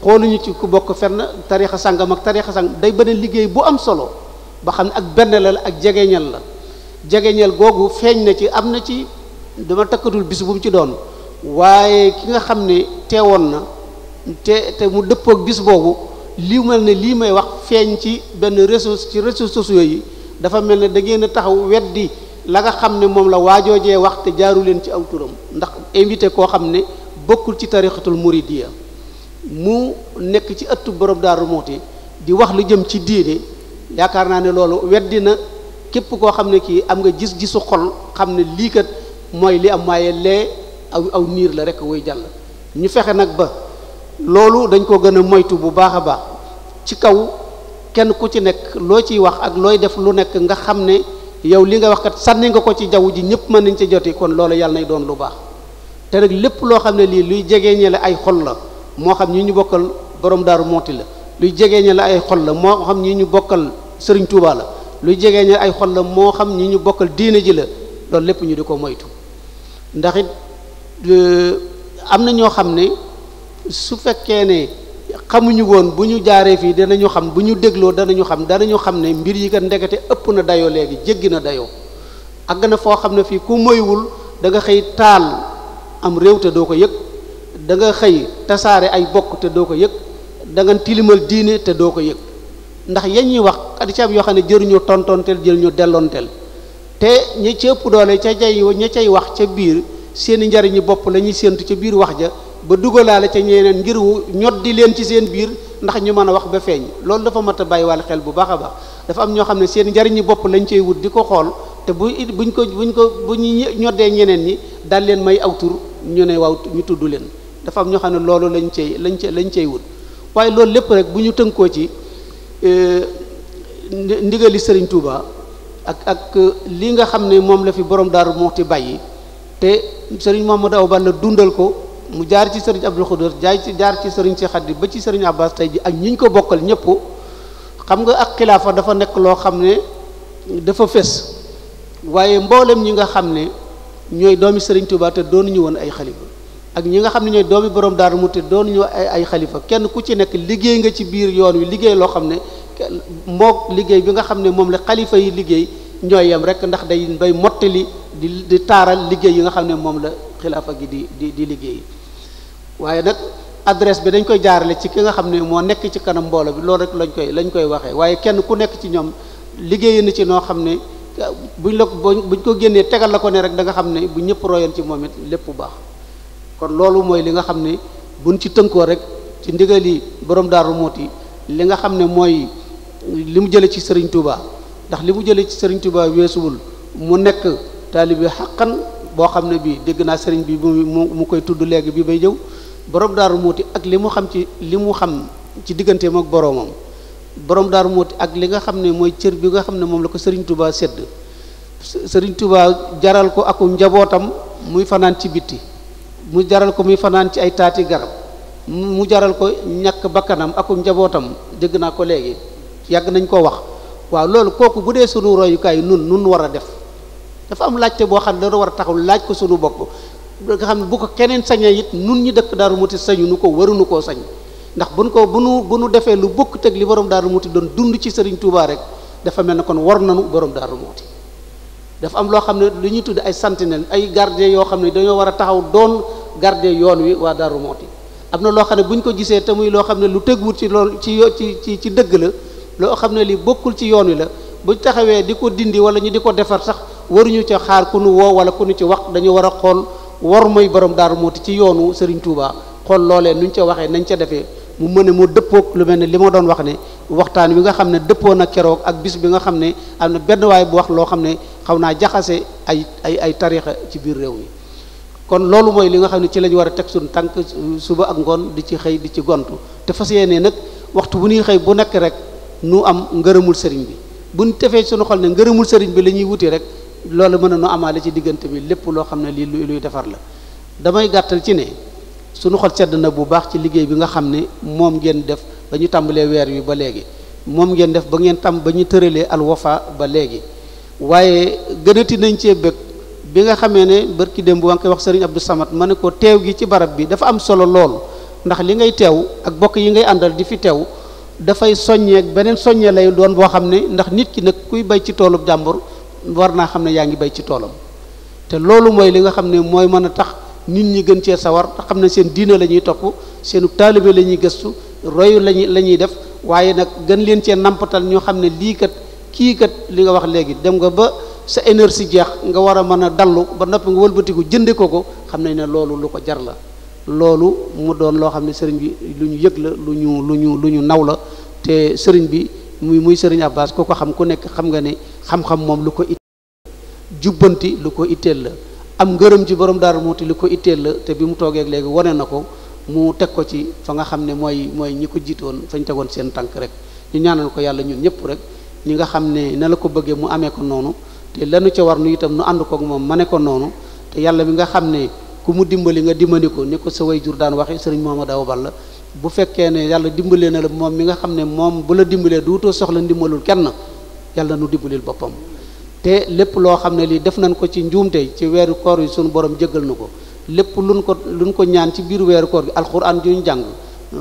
xooluñu ci ku bokk fenn tariixa sàngam ak tariixa sàngam day beneen liggéey bu am solo ba xam ne ak benn la la ak jegeñal la jegeñal googu feeñ na ci am na ci dama takkatul bis bu ci doon waaye ki nga xam ne teewoon na te te mu dëppoo bis boobu lii mel ne lii may wax feeñ ci benn réseau ci réseaux sociaux yi dafa mel ne da ngeen a taxaw weddi la nga xam ne moom la waajoojee wax te jaaru leen ci aw turam ndax invité koo xam ne bokkul ci tariqatul muridiya mu nekk ci ëttu borom Daaru Muxti di wax lu jëm ci diine yaakaar naa ne loolu weddi na képp koo xam ne kii am nga gis-gisu xol xam ne lii kat mooy li am waaye lee aw aw niir la rek wuy jàll ñu fexe nag ba loolu dañ ko gën a moytu bu baax a baax ci kaw kenn ku ci nekk loo ciy wax ak looy def lu nekk nga xam ne yow li nga wax kat sànni nga ko ci jaw ji ñëpp mën nañ ci joti kon loolu yàlla nay doon lu baax te nag lépp loo xam ne lii luy jegeñale ay xol la moo xam ñi ñu bokkal borom daaru mooti la luy jegeñale ay xol la moo xam ñi ñu bokkal sëriñ Touba la luy jegeñale ay xol la moo xam ñi ñu bokkal diine ji la loolu lépp ñu di ko moytu ndax it am na ñoo xam ne su fekkee ne xamuñu woon bu ñu jaaree fii danañu xam bu ñu dégloo danañu xam danañu xam ne mbir yi kat ndekete ëpp na dayoo léegi jéggi na dayoo àgg na foo xam ne fii ku moywul danga nga xëy taal am réew te doo ko yëg danga nga xëy tasaare ay bokk te doo ko yëg da nga tilimal diine te doo ko yëg ndax yan ñuy wax adi ci am yoo xam ne jëruñu tontoonteel jël ñu delloonteel te ñi ci ëpp doole ca jay ña cay wax ca biir seeni njariñu bopp la ñuy séentu biir wax ja ba dugalaale ca ñeneen ngir ñoddi leen ci seen biir ndax ñu mën a wax ba feeñ loolu dafa mat a bàyyiwaale xel bu baax a baax dafa am ñoo xam ne seen njariñu bopp lañ cay wut di ko xool te bu buñ ko buñ ko bu ñoddee ñeneen ñi daal leen may aw tur ñu ne waaw ñu tudd leen dafa am ñoo xam ne loolu lañ cey lañ cey lañ cey wut waaye loolu lépp rek bu ñu tënkoo ci e, ndigali sëriñ tuuba ak ak li nga xam ne moom la fi borom Daaru Muxti bàyyi te sëriñ Mamadou Awa Balla dundal ko mu jaar ci sëriñ ab loxo jaay ci jaar ci sëriñ Cheikh Khady ba ci sëriñ Abbas tey ji ak ñi ñu ko bokkal ñëpp xam nga ak xilaafa dafa nekk loo xam ne dafa fés waaye mboolem ñi nga xam ne ñooy doomi Serigne Touba te doonuñu woon ay xalifa ak ñi nga xam ne ñooy doomi borom Daaru Muxti te doonuñu ay ay xalifa kenn ku ci nekk liggéey nga ci biir yoon wi liggéey loo xam ne mboog liggéey bi nga xam ne moom la xalifa yi liggéey ñooy rek ndax day bay mottali di di taaral liggéey yi nga xam ne moom la xilaafa gi di di di liggéey waaye nag adresse bi dañ koy jaarale ci ki nga xam ne moo nekk ci kanam mboolo bi loolu rek lañ koy lañ koy waxee waaye kenn ku nekk ci ñoom liggéey na ci noo xam ne. bu buñ la buñ ko génnee tegal la ko ne rek danga xam ne bu ñëpp royoon ci moom it lépp bu baax kon loolu mooy li nga xam ne buñ ci tënkoo rek ci ndigal yi borom daaru Moti li nga xam ne mooy li mu jëlee ci sëriñ Touba ndax li mu jëlee ci Serigne Touba weesuwul mu nekk taalibe xaqan boo xam ne bii dégg naa sëriñ bi mu mu koy tudd léegi bi bay jëw borom daaru Moti ak li mu xam ci li mu xam ci digganteem ak boromam. borom daaru mooti ak li nga xam ne mooy cër bi nga xam ne moom la ko sëriñ tubaa sedd sëriñ tubaa jaral ko aku njabootam muy fanaan ci bitti mu jaral ko muy fanaan ci ay taati garab mu jaral ko ñàkk bakkanam aku njabootam dégg naa ko léegi yàgg nañ ko wax waaw loolu kooku bu dee sunu royukaay nun nun war a def dafa am laajte boo xam ne dana war a taxaw laaj ko sunu bopp nga xam ne bu ko keneen sañee it nun ñi dëkk daaru mooti sañu nu ko waruñu koo sañ ndax bu nu ko bu nu bu nu defee lu bokk teg li borom daaru muuti doon dund ci sëriñ Touba rek dafa mel ne kon war nanu borom daaru muuti dafa am loo xam ne lu ñuy tudd ay sentinelle ay garde yoo xam ne dañoo war a taxaw doon gardien yoon wi waa daaru muuti am na loo xam ne bu ko gisee te muy loo xam ne lu tëgwut ci lool ci ci ci dëgg la loo xam ne li bokkul ci yoon wi la bu taxawee di ko dindi wala ñu di ko defar sax waruñu ca xaar ku nu woo wala ku nu ci wax dañu war a xool war mooy borom daaru mooti ci yoonu sëriñ Touba xool loolee lu ñu ca waxee nañ ca defee mu mën a mu dëppoog lu mel ne li ma doon wax ne waxtaan wi nga xam ne dëppoon na keroog ak bis bi nga xam ne am na benn waay bu wax loo xam ne xaw naa jaxase ay ay ay ci biir réew mi kon loolu mooy li nga xam ne ci la ñu war a teg suñu tànk suba ak ngoon di ci xëy di ci gontu te fas yéene nag waxtu bu ñuy xëy bu nekk rek nu am ngërëmul sëriñ bi bu tefee suñu xol ne ngërëmul sëriñ bi la ñuy wuti rek loolu mën na nu amaale ci diggante bi lépp loo xam ne lii luy luy defar la damay gàttal ci ne sunu xol sedd na bu baax ci liggéey bi nga xam ne moom ngeen def ba ñu tàmbalee weer yi ba léegi moom ngeen def ba ngeen tàmm ba ñu tëralee Al Wafa ba léegi waaye gënati nañ cee bëgg bi nga xamee ne barki démb waa ngi koy wax sëriñ Abdou Samad ma ne ko teew gi ci barab bi dafa am solo lool ndax li ngay teew ak bokk yi ngay àndal di fi teew dafay soññee beneen soññee lay doon boo xam ne ndax nit ki nag kuy bay ci toolub jàmbur war naa xam ne yaa ngi bay ci toolam mën a tax nit ñi gën cee sawar te xam ne seen diina la ñuy topp seenu taalibe la ñuy gëstu royu lañu la ñuy def waaye nag gën leen cee nampatal ñoo xam ne lii kat kii kat li nga wax léegi dem nga ba sa énergie jeex nga war a mën a dallu ba noppi nga wëlbatiku jënde ko ko xam nañ ne loolu lu ko jar la loolu mu doon loo xam ne sëriñ bi lu ñu yëg la lu ñu lu ñu lu ñu naw la te sëriñ bi muy muy sëriñ Abbas ku ko xam ku nekk xam nga ne xam-xam moom lu ko itteel jubbanti lu ko iteel la am ngërëm ci borom Daaru Muxti li ko itteel la te bi mu toogeeg léegi wane na ko mu teg ko ci fa nga xam ne mooy mooy ñi ko jiitoon fañ tegoon seen tànk rek ñu ñaanal ko yàlla ñun ñëpp rek ñi nga xam ne na la ko bëggee mu amee ko noonu te lanu ca war nu itam nu ànd kook moom ma ne ko noonu te yàlla mi nga xam ne ku mu dimbali nga dimbali ko ni ko sa way jur daan waxe sëriñ Mamadou Awa Balla bu fekkee ne yàlla dimbalee na la moom mi nga xam ne moom bu la dimbalee duutoo soxla ndimbalul kenn yàlla nu dimbalil boppam te lépp loo xam ne lii def nañ ko ci njuumte ci weeru koor yi sunu borom jëggal nu ko lépp luñ ko luñ ko ñaan ci biir weeru koor bi alxuraan yu ñu jàng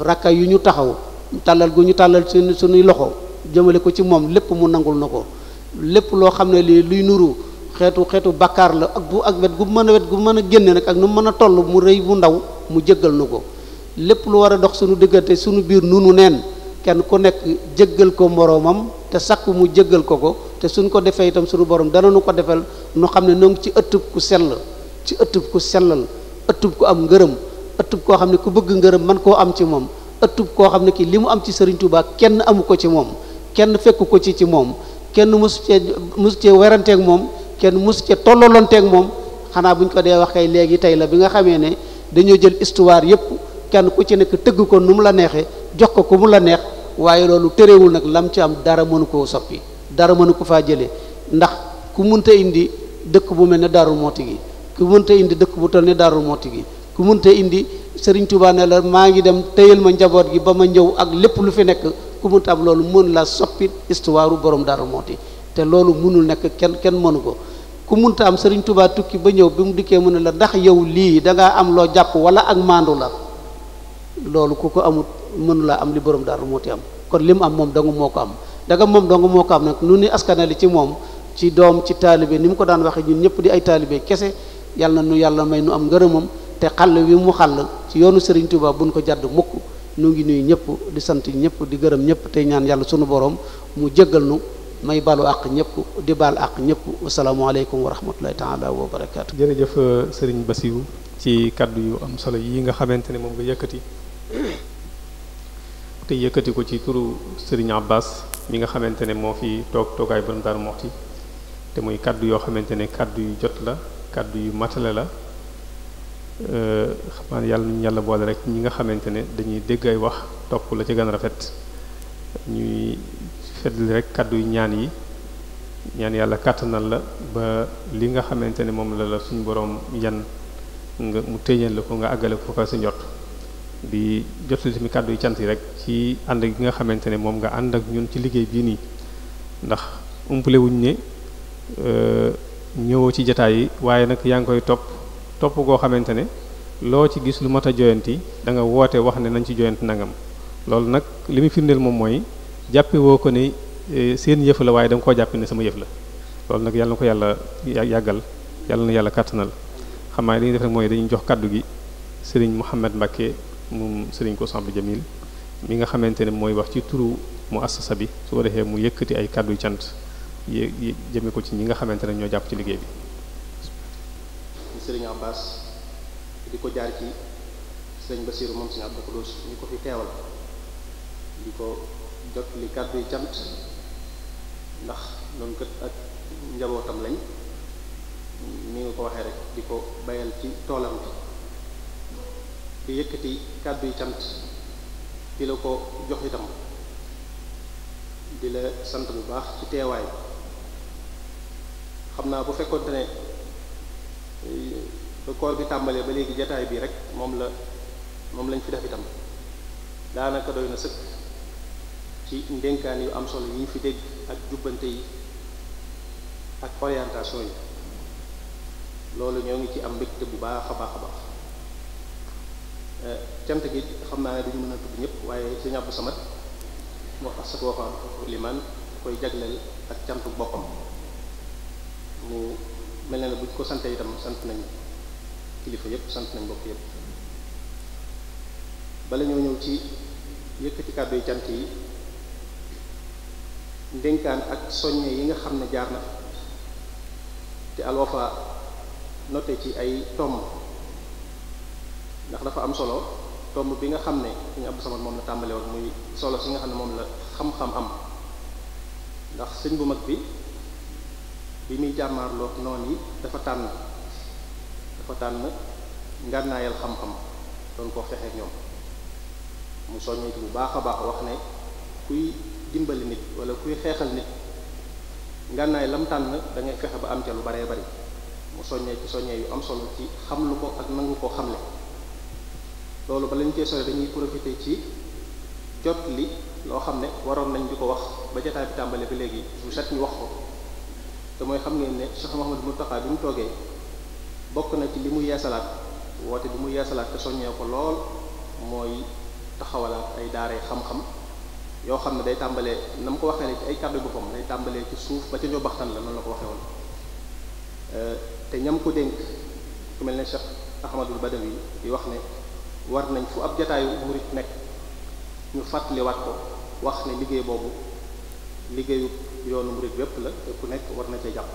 rakka yu ñu taxaw tàllal gu ñu tàllal suñu suñuy loxo jëmale ko ci moom lépp mu nangul na ko lépp loo xam ne lii luy nuru xeetu xeetu bakkaar la ak bu ak wet gu mën a wet gu mën a génne nag ak nu mën a toll mu rëy bu ndaw mu jëggal na ko lépp lu war a dox suñu diggante suñu biir nunu neen kenn ku nekk jëggal ko moroomam te sakku mu jëggal ko ko te suñ ko defee itam suñu borom dana nu ko defal nu xam ne noo ngi ci ëttub ku sell ci ëttub ku sellal ëttub ku am ngërëm ëttub koo xam ne ku bëgg ngërëm man koo am ci moom ëttub koo xam ne kii li mu am ci Serigne Touba kenn amu ko ci moom kenn fekk ko ci ci moom kenn mosu cee mosu cee weranteeg moom kenn mosu cee tollolonteeg moom xanaa bu ñu ko dee wax kay léegi tey la bi nga xamee ne dañoo jël histoire yépp kenn ku ci nekk tëgg ko nu mu la neexee jox ko ku mu la neex waaye loolu terewul nag lam ci am dara mënu koo soppi dara mën mënu ko faa jëlee ndax ku munta indi dëkk bu mel ne daarul mooti gi ku munta indi dëkk bu toll ne daarul mooti gi ku munta indi sëriñ Tuubaa ne la maa ngi dem téyal ma njaboot gi ba ma ñëw ak lépp lu fi nekk ku munta am loolu mën la soppi histoire borom daarul mooti te loolu mënul nekk kenn kenn mënu ko ku munta am sëriñ Tuubaa tukki ba ñëw bi mu dikkee mën ne la ndax yow lii dangaa am loo jàpp wala ak maandu la loolu ku ko amut mënu am li borom daarul mooti am kon li mu am moom dangu moo ko am daga moom dong moo ko am nag nu ni askanali ci moom ci doom ci taalibe ni mu ko daan waxe ñun ñëpp di ay taalibe kese yàlla nu yàlla may nu am ngërëmam te xàll wi mu xàll ci yoonu Serigne Touba buñ ko jàdd mukk nu ngi nuyu ñëpp di sant ñëpp di gërëm ñëpp tey ñaan yàlla sunu borom mu jëggal nu may balu àq ñëpp di baal àq ñëpp wasalaamualeykum wa rahmatullahi taala wa barakaatu. jërëjëf euh, Serigne Bassirou ci kaddu yu am solo yi nga xamante ne moom nga yëkkati te yëkkati ko ci turu Serigne Abbas. ñi nga xamante ne moo fi toog toogaay borom Daaru Muxti te muy kàddu yoo xamante ne kaddu yu jot la kàddu yu matale la xamaan yàlla nañu yàlla boole rek ñi nga xamante ne dañuy dégg ay wax topp la ci gën a rafet ñuy fetli rek kàddu yu ñaan yi ñaan yàlla kàttanal la ba li nga xamante ne moom la la suñu borom yan nga mu téeñal la ko nga àggale ko fa sa njot di jot suñu kàddu yi cant yi rek ci ànd gi nga xamante ne moom nga ànd ak ñun ci liggéey bii nii ndax umpale wuñ ne euh, ñëwoo ci jataay yi waaye nag yaa ngi koy topp topp goo xamante ne loo ci gis lu mat a joyanti da nga woote wax ne nañ ci joyanti nangam loolu nag li mu firndeel moom mooy jàppe woo ko ne euh, seen yëf la waaye da nga koo ne sama yëf la loolu nag yàlla na ko yàlla yàggal yàlla na yàlla kàttanal xam naa li ñuy def rek mooy dañuy jox kàddu gi Serigne Mouhamed Mbacke mu sëriñ ko Samb Jamil mi nga xamante ne mooy wax ci turu mu assasa bi su ko defee mu yëkkati ay kàddu yu cant yé jëme ko ci ñi nga xamante ne ñoo jàpp ci liggéey bi. sëriñ Abbas di ko jaar ci ba Basiiru moom sëriñ Abdou Khoudoss ñu ko fi teewal di ko jot li kàddu cant ndax noonu kat ak njabootam lañ mu nga ko waxee rek di ko bayal ci toolam bi di yëkkati kàddu yi cant di la ko jox itam di la sant bu baax ci teewaay xam naa bu fekkoonte ne ba bi tàmbalee ba léegi jataay bii rek moom la moom lañ fi def itam daanaka doy na sëkk ci ndénkaan yu am solo yi ñu fi dégg ak jubbante yi ak orientation yi loolu ñoo ngi ci am mbégte bu baax a baax a baax cant gi xam naa ne dañu mën a tudd ñëpp waaye sëñ Abdou Samad moo tax sa boppam limaan koy jagleel ak cantu boppam mu mel na ne buñ ko sante itam sant nañ kilifa yëpp sant nañ mbokk yëpp bala ñoo ñëw ci yëkkati kàddu yi cant yi ndénkaan ak soññe yi nga xam ne jaar na te Al Wafa ci ay tomb ndax dafa am solo tomb bi nga xam ne suñu Abdou Samad moom la tàmbale woon muy solo si nga xam ne moom la xam-xam am ndax sëñ bu mag bi bi muy jàmmaarloog noon yi dafa tànn dafa tànn ngànnaayal xam-xam doon koo xeexee ñoom mu soññeetu bu baax a baax wax ne kuy dimbali nit wala kuy xeexal nit ngànnaay lam tànn da ngay fexe ba am ca lu baree bari mu soññee ci soññee yu am solo ci xam lu ko ak nangu ko xamle loolu ba lañ cee sore dañuy profité ci jot li loo xam ne waroon nañ di ko wax ba jotaay bi tàmbale ba léegi bu set ñu wax ko te mooy xam ngeen ne Cheikh Mouhamadou Mountakha bi mu toogee bokk na ci li mu yeesalaat woote bi mu yeesalaat te ko lool mooy taxawalaat ay daaree xam-xam yoo xam ne day tàmbalee na ko waxee ne ay kàddu boppam day tàmbalee ci suuf ba ca ñoo baxtan la noonu la ko waxee woon te ñam ko dénk ku mel ne Cheikh Ahmadul Badawi di wax ne war nañ fu ab jataayu murit nekk ñu fàttaliwaat ko wax ne liggéey boobu liggéeyu yoonu murit wépp la te ku nekk war na cee jàpp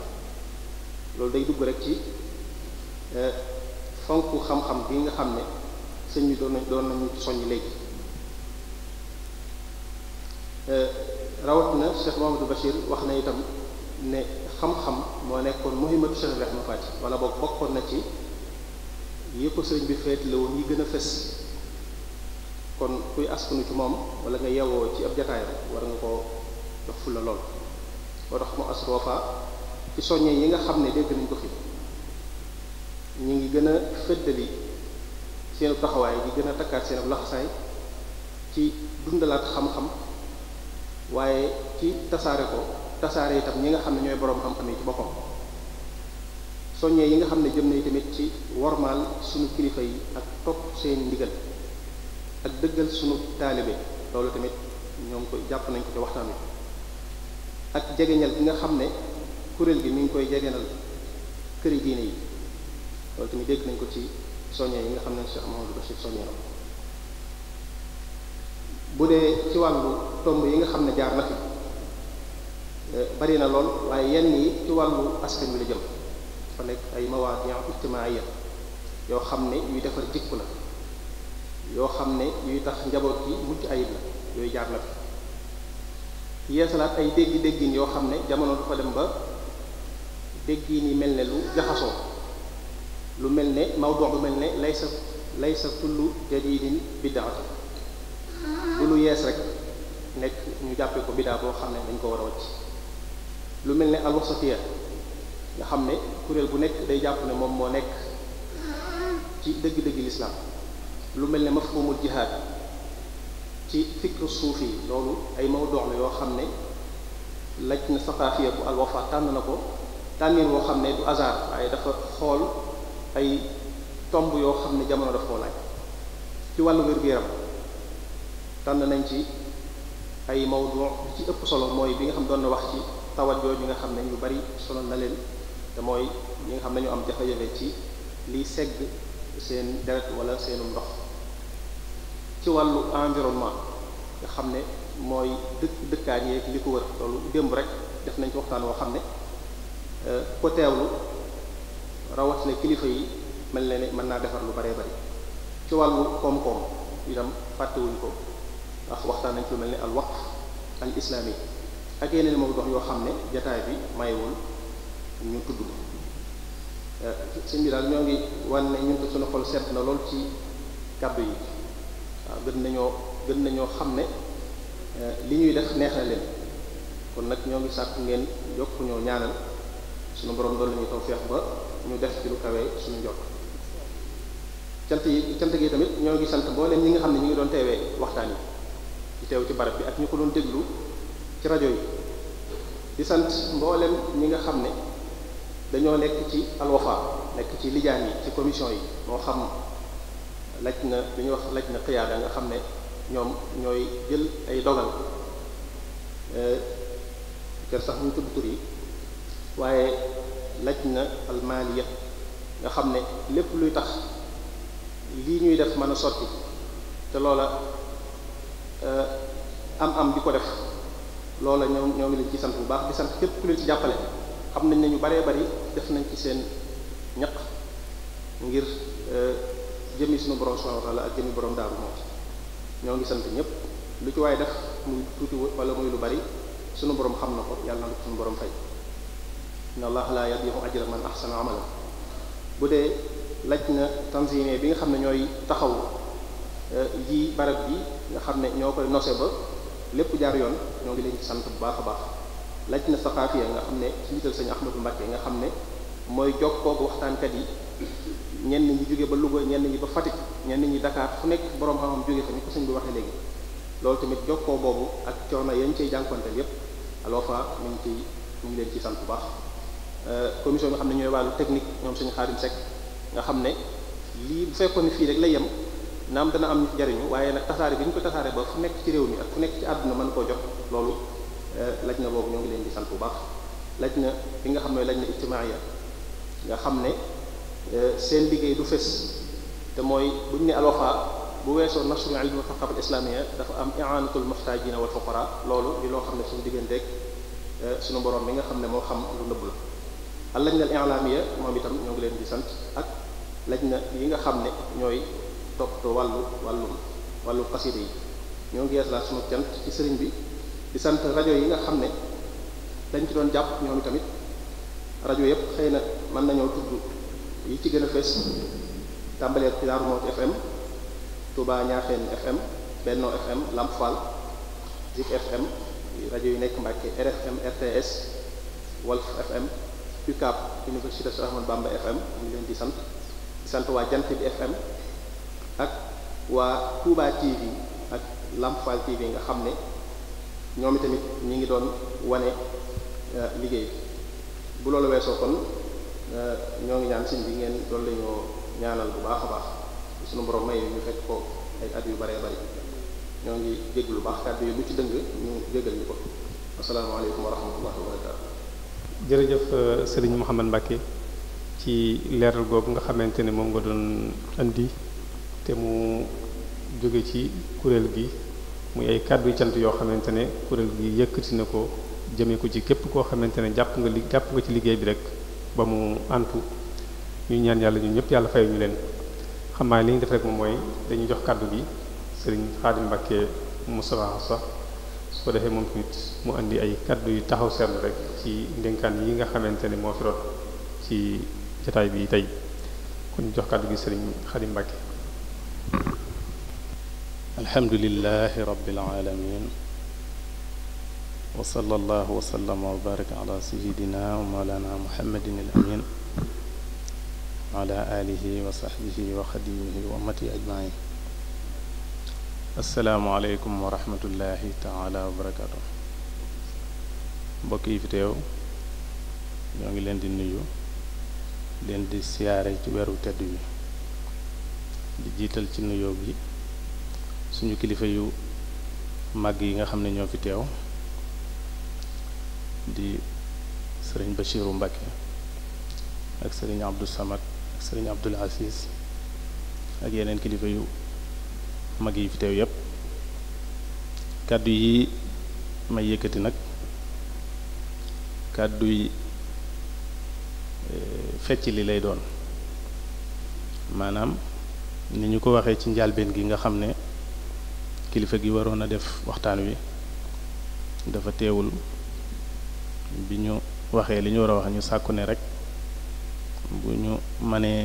loolu day dugg rek ci euh, fonk xam-xam bi nga xam ne sëñ bi doon nañ doon nañu soññ léegi euh, rawat na Cheikh Mouhamadou Bachir wax na itam ne xam-xam moo nekkoon muhimmatu Cheikh nu Faati wala boog bokkoon na ci yi ko sëriñ bi feet la woon yi gën a fes kon kuy askanu ci moom wala nga yewoo ci ab jataayam war nga ko jox fulla lool boo tax mu asrofa ci soññee yi nga xam ne dégg nañ ko fi ñu ngi gën a fëddali seen taxawaay di gën a takkaat seen laxasaay ci dundalaat xam-xam waaye ci tasaare ko tasaare itam ñi nga xam ne ñooy boroom xam-xam yi ci boppam soññee yi nga xam ne jëm nañ tamit ci wormaal suñu kilifa yi ak topp seen ndigal ak dëggal suñu taalibe loolu tamit ñoom ko jàpp nañ ko ci waxtaan wi ak jegeñal bi nga xam ne kuréel gi mi ngi koy jegeñal kër diine yi loolu tamit dégg nañ ko ci soññee yi nga xam ne Cheikh Mahamadou Bachir soññee na bu dee ci wàllu tomb yi nga xam ne jaar na fi eh, bari na lool waaye yenn yi ci wàllu askan bi la jëm dafa nekk ay mawaadiyan ijtimaaiya yoo xam ne yuy defar jikku la yoo xam ne yuy tax njaboot yi mucc ayib la yooyu jaar na yeesalaat ay dégg-déggin yoo xam ne jamono dafa dem ba déggiin yi mel ne lu jaxasoo lu mel ne mawdu lu mel ne laysa laysa kullu jadidin bidaatu bu lu yees rek nekk ñu jàppee ko biddaa boo xam ne dañ ko war a wacc lu mel ne alwasatiya nga xam ne kuréel bu nekk day jàpp ne moom moo nekk ci dëgg-dëgg lislaam lu mel ne mafhumul jihaad ci fikru suuf yi loolu ay mawduu la yoo xam ne laj na saqaafiya bu alwafa tànn na ko tànnin woo xam ne du hasard dafa xool ay tomb yoo xam ne jamono daf koo laaj ci tànn nañ ci ay mawduu ci ëpp solo mooy bi nga xam doon na wax ci tawat jooju nga xam ne ñu bari solo na leen te mooy ñi nga xam ne ñu am jafe-jafe ci liy segg seen deret wala seenu ndox ci wàllu environnement nga xam ne mooy dëkk dëkkaan yeeg li ko wër loolu démb rek def nañ ci waxtaan woo xam ne euh, ko teewlu rawatina kilifa yi mel na ne mën naa defar lu baree bari ci wàllu koom-koom itam fàttewuñ ko ndax waxtaan nañ ci lu mel ne al waqf al islami ak yeneen moo dox yoo xam ne jataay bi mayewul ñu tudd ko eh, sëñ bi daal ñoo ngi wan ne ñun ko suñu xol seet na lool ci kàddu yi waaw gën nañoo gën nañoo xam ne eh, li ñuy def neex na leen kon nag ñoo ngi sàkku ngeen jokk ñoo ñaanal suñu borom doon la ñuy taw feex ba ñu def ci lu kawee suñu njot cant yi cant gi tamit ñoo ngi sant mbooleem ñi nga xam ne ñu ngi doon teewee waxtaan yi ci teew ci barab bi ak ñu ko doon déglu ci rajo yi di sant mbooleem ñi nga xam ne dañoo nekk ci alwafa nekk ci lijaan yi ci commission yi moo xam laj na li wax laj na xiyaada nga xam ne ñoom ñooy jël ay dogal eh, kër sax ñu tudd tur yi waaye laj na almaaliya nga xam ne lépp luy tax lii ñuy def mën a sotti te loola eh, am am di ko def loola ñoo ñoo ngi leen ci sant bu baax di sant képp ku leen ci jàppale xam nañ na ñu baree bari def nañ ci seen ñaq ngir euh, jëmi suñu borom subhanahu wa taala ak jëmi borom daaru mooti ñoo ngi sant ñëpp lu ci waaye def muy tuuti wala muy lu bari sunu borom xam na ko yàlla na ko sunu borom fay inna allah la yadiu ajra man a amala bu dee laj na tanzime bi nga xam ne ñooy taxaw ji euh, barab bi nga xam ne ñoo koy nose ba lépp jaar yoon ñoo ngi leen sant bu baax a baax na sa saxaafiya nga xam ne ci njiital sëñ Ahmadou Mbacké nga xam ne mooy jokkoo ko waxtaankat yi ñenn ñi jóge ba Louga ñenn ñi ba Fatick ñenn ñi Dakar fu nekk borom xam-xam jóge fa ni waxee léegi loolu tamit jokkoo boobu ak coono yañ cay jànkonteel yépp alors fa ñu ngi ciy leen ci sant bu baax euh, commission bi nga xam ne ñooy wàllu technique ñoom sëñ Xaadim Seck nga xam ne lii bu fekkoon fii rek la yem naam dana am jariñu waaye nag tasaare bi ñu ko tasaare ba fu nekk ci réew mi ak fu nekk ci àdduna mën koo jox loolu Eh, laj na boobu ñoo ngi leen di sant bu baax laj na li nga xam ne laj na ijtimaaya nga xam ne eh, seen liggéey du fés te mooy buñ ne alwafa bu weesoo nasrul ilmi wal thaqafa al islamiyya dafa am i'anatul muhtajina wal fuqara loolu di loo xam ne suñu digganteeg eh, suñu borom bi nga xam ne moo xam lu nëbb la al lajna al i'lamiyya moom itam ñoo ngi leen di sant ak laj na yi nga xam ne ñooy toppatoo wàllu wàllu wàllu xasida yi ñoo ngi yees laa suñu cant ci sëriñ bi di sant rajo yi nga xam ne dañ ci doon jàpp ñoom tamit rajo yëpp xëy na mën nañoo tudd yi ci gën a fës tàmbaleek ci Darou Moukhty FM Touba Niakhène FM Benno FM Lamp Fall FM rajo yi nekk Mbàkke RFM RTS Walf FM UCAB Université Cheikh Ahmadou Bamba FM ñu leen di sant di sant waa Jant bi FM ak waa Touba TV ak Lamp Fall TV nga xam ne ñoom tamit ñi ngi doon wane euh, liggéey bu loolu weesoo kon euh, ñoo ngi ñaan sëñ bi ngeen doon la ñaanal bu baax a baax suñu borom may ñu fekk ko ay at yu baree bari ñoo ngi jéglu baax kàddu yi lu ci dëng ñu jégal ñu ko asalaamaaleykum wa rahmatullahi wa barakatu jërëjëf euh, sëriñ Mouhamed Mbacke ci leeral googu nga xamante ne moom nga doon andi te mu jóge ci kuréel gi muy ay kàddu cant yoo xamante ne kuréel gi yëkkati na ko jëmee ko ci képp koo xamante ne jàpp nga li jàpp nga ci liggéey bi rek ba mu antu ñu ñaan yàlla ñun ñëpp yàlla fay ñu leen xam naa li ñu def rek moom mooy dañuy jox kàddu gi sëriñ Xaadim Mbàkke Moustapha sax su ko defee moom tamit mu indi ay kàddu yu taxaw seetlu rek ci ndénkaan yi nga xamante ne moo fi rot ci jotaay bi tey kon jox kàddu gi sëriñ Xaadim Mbàkke alhamdulilahi rabbil alamin wa sallallahu wa sallama wa baraka ala sayidina wa mawlana muhammadin al wa ala alihi wa sahbihi wa xadimihi wa ummati ajmain assalaamu aleykum wa rahmatullahi taala wa barakaatu mbokk yi fi teew ñoo ngi leen di nuyu leen di siyaare ci weeru tedd wi di jiital ci nuyoo bi suñu kilifa yu mag yi nga xam ne ñoo fi teew di sëriñ Bachiru Mbacke ak sëriñ Abdou Samad ak sëriñ Abdul Aziz ak yeneen kilifa yu mag yi fi teew yépp kàddu yi may yëkkati nag kàddu yi e, fecc li lay doon maanaam ni ñu ko waxee ci njàlbeen gi nga xam ne kilifa gi waroon a def waxtaan wi dafa teewul bi ñu waxee li ñu war a wax ñu sàkku ne rek bu ñu mënee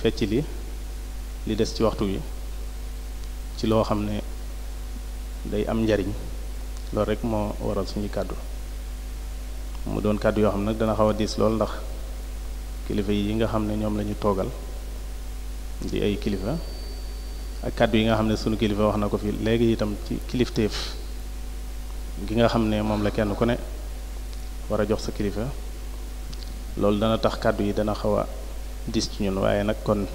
fecc li li des ci waxtu wi ci loo xam ne day am njariñ loolu rek moo waral suñuy kàddu mu doon kàddu yoo xam ne nag dana xaw a diis lool ndax kilifa yi nga xam ne ñoom lañu toogal di ay kilifa ak kàddu yi nga xam ne sunu kilifa wax na ko fi léegi itam ci kilifteef gi nga xam ne moom la kenn ku ne war a jox sa kilifa loolu dana tax kàddu yi dana xaw dis ci ñun nag kon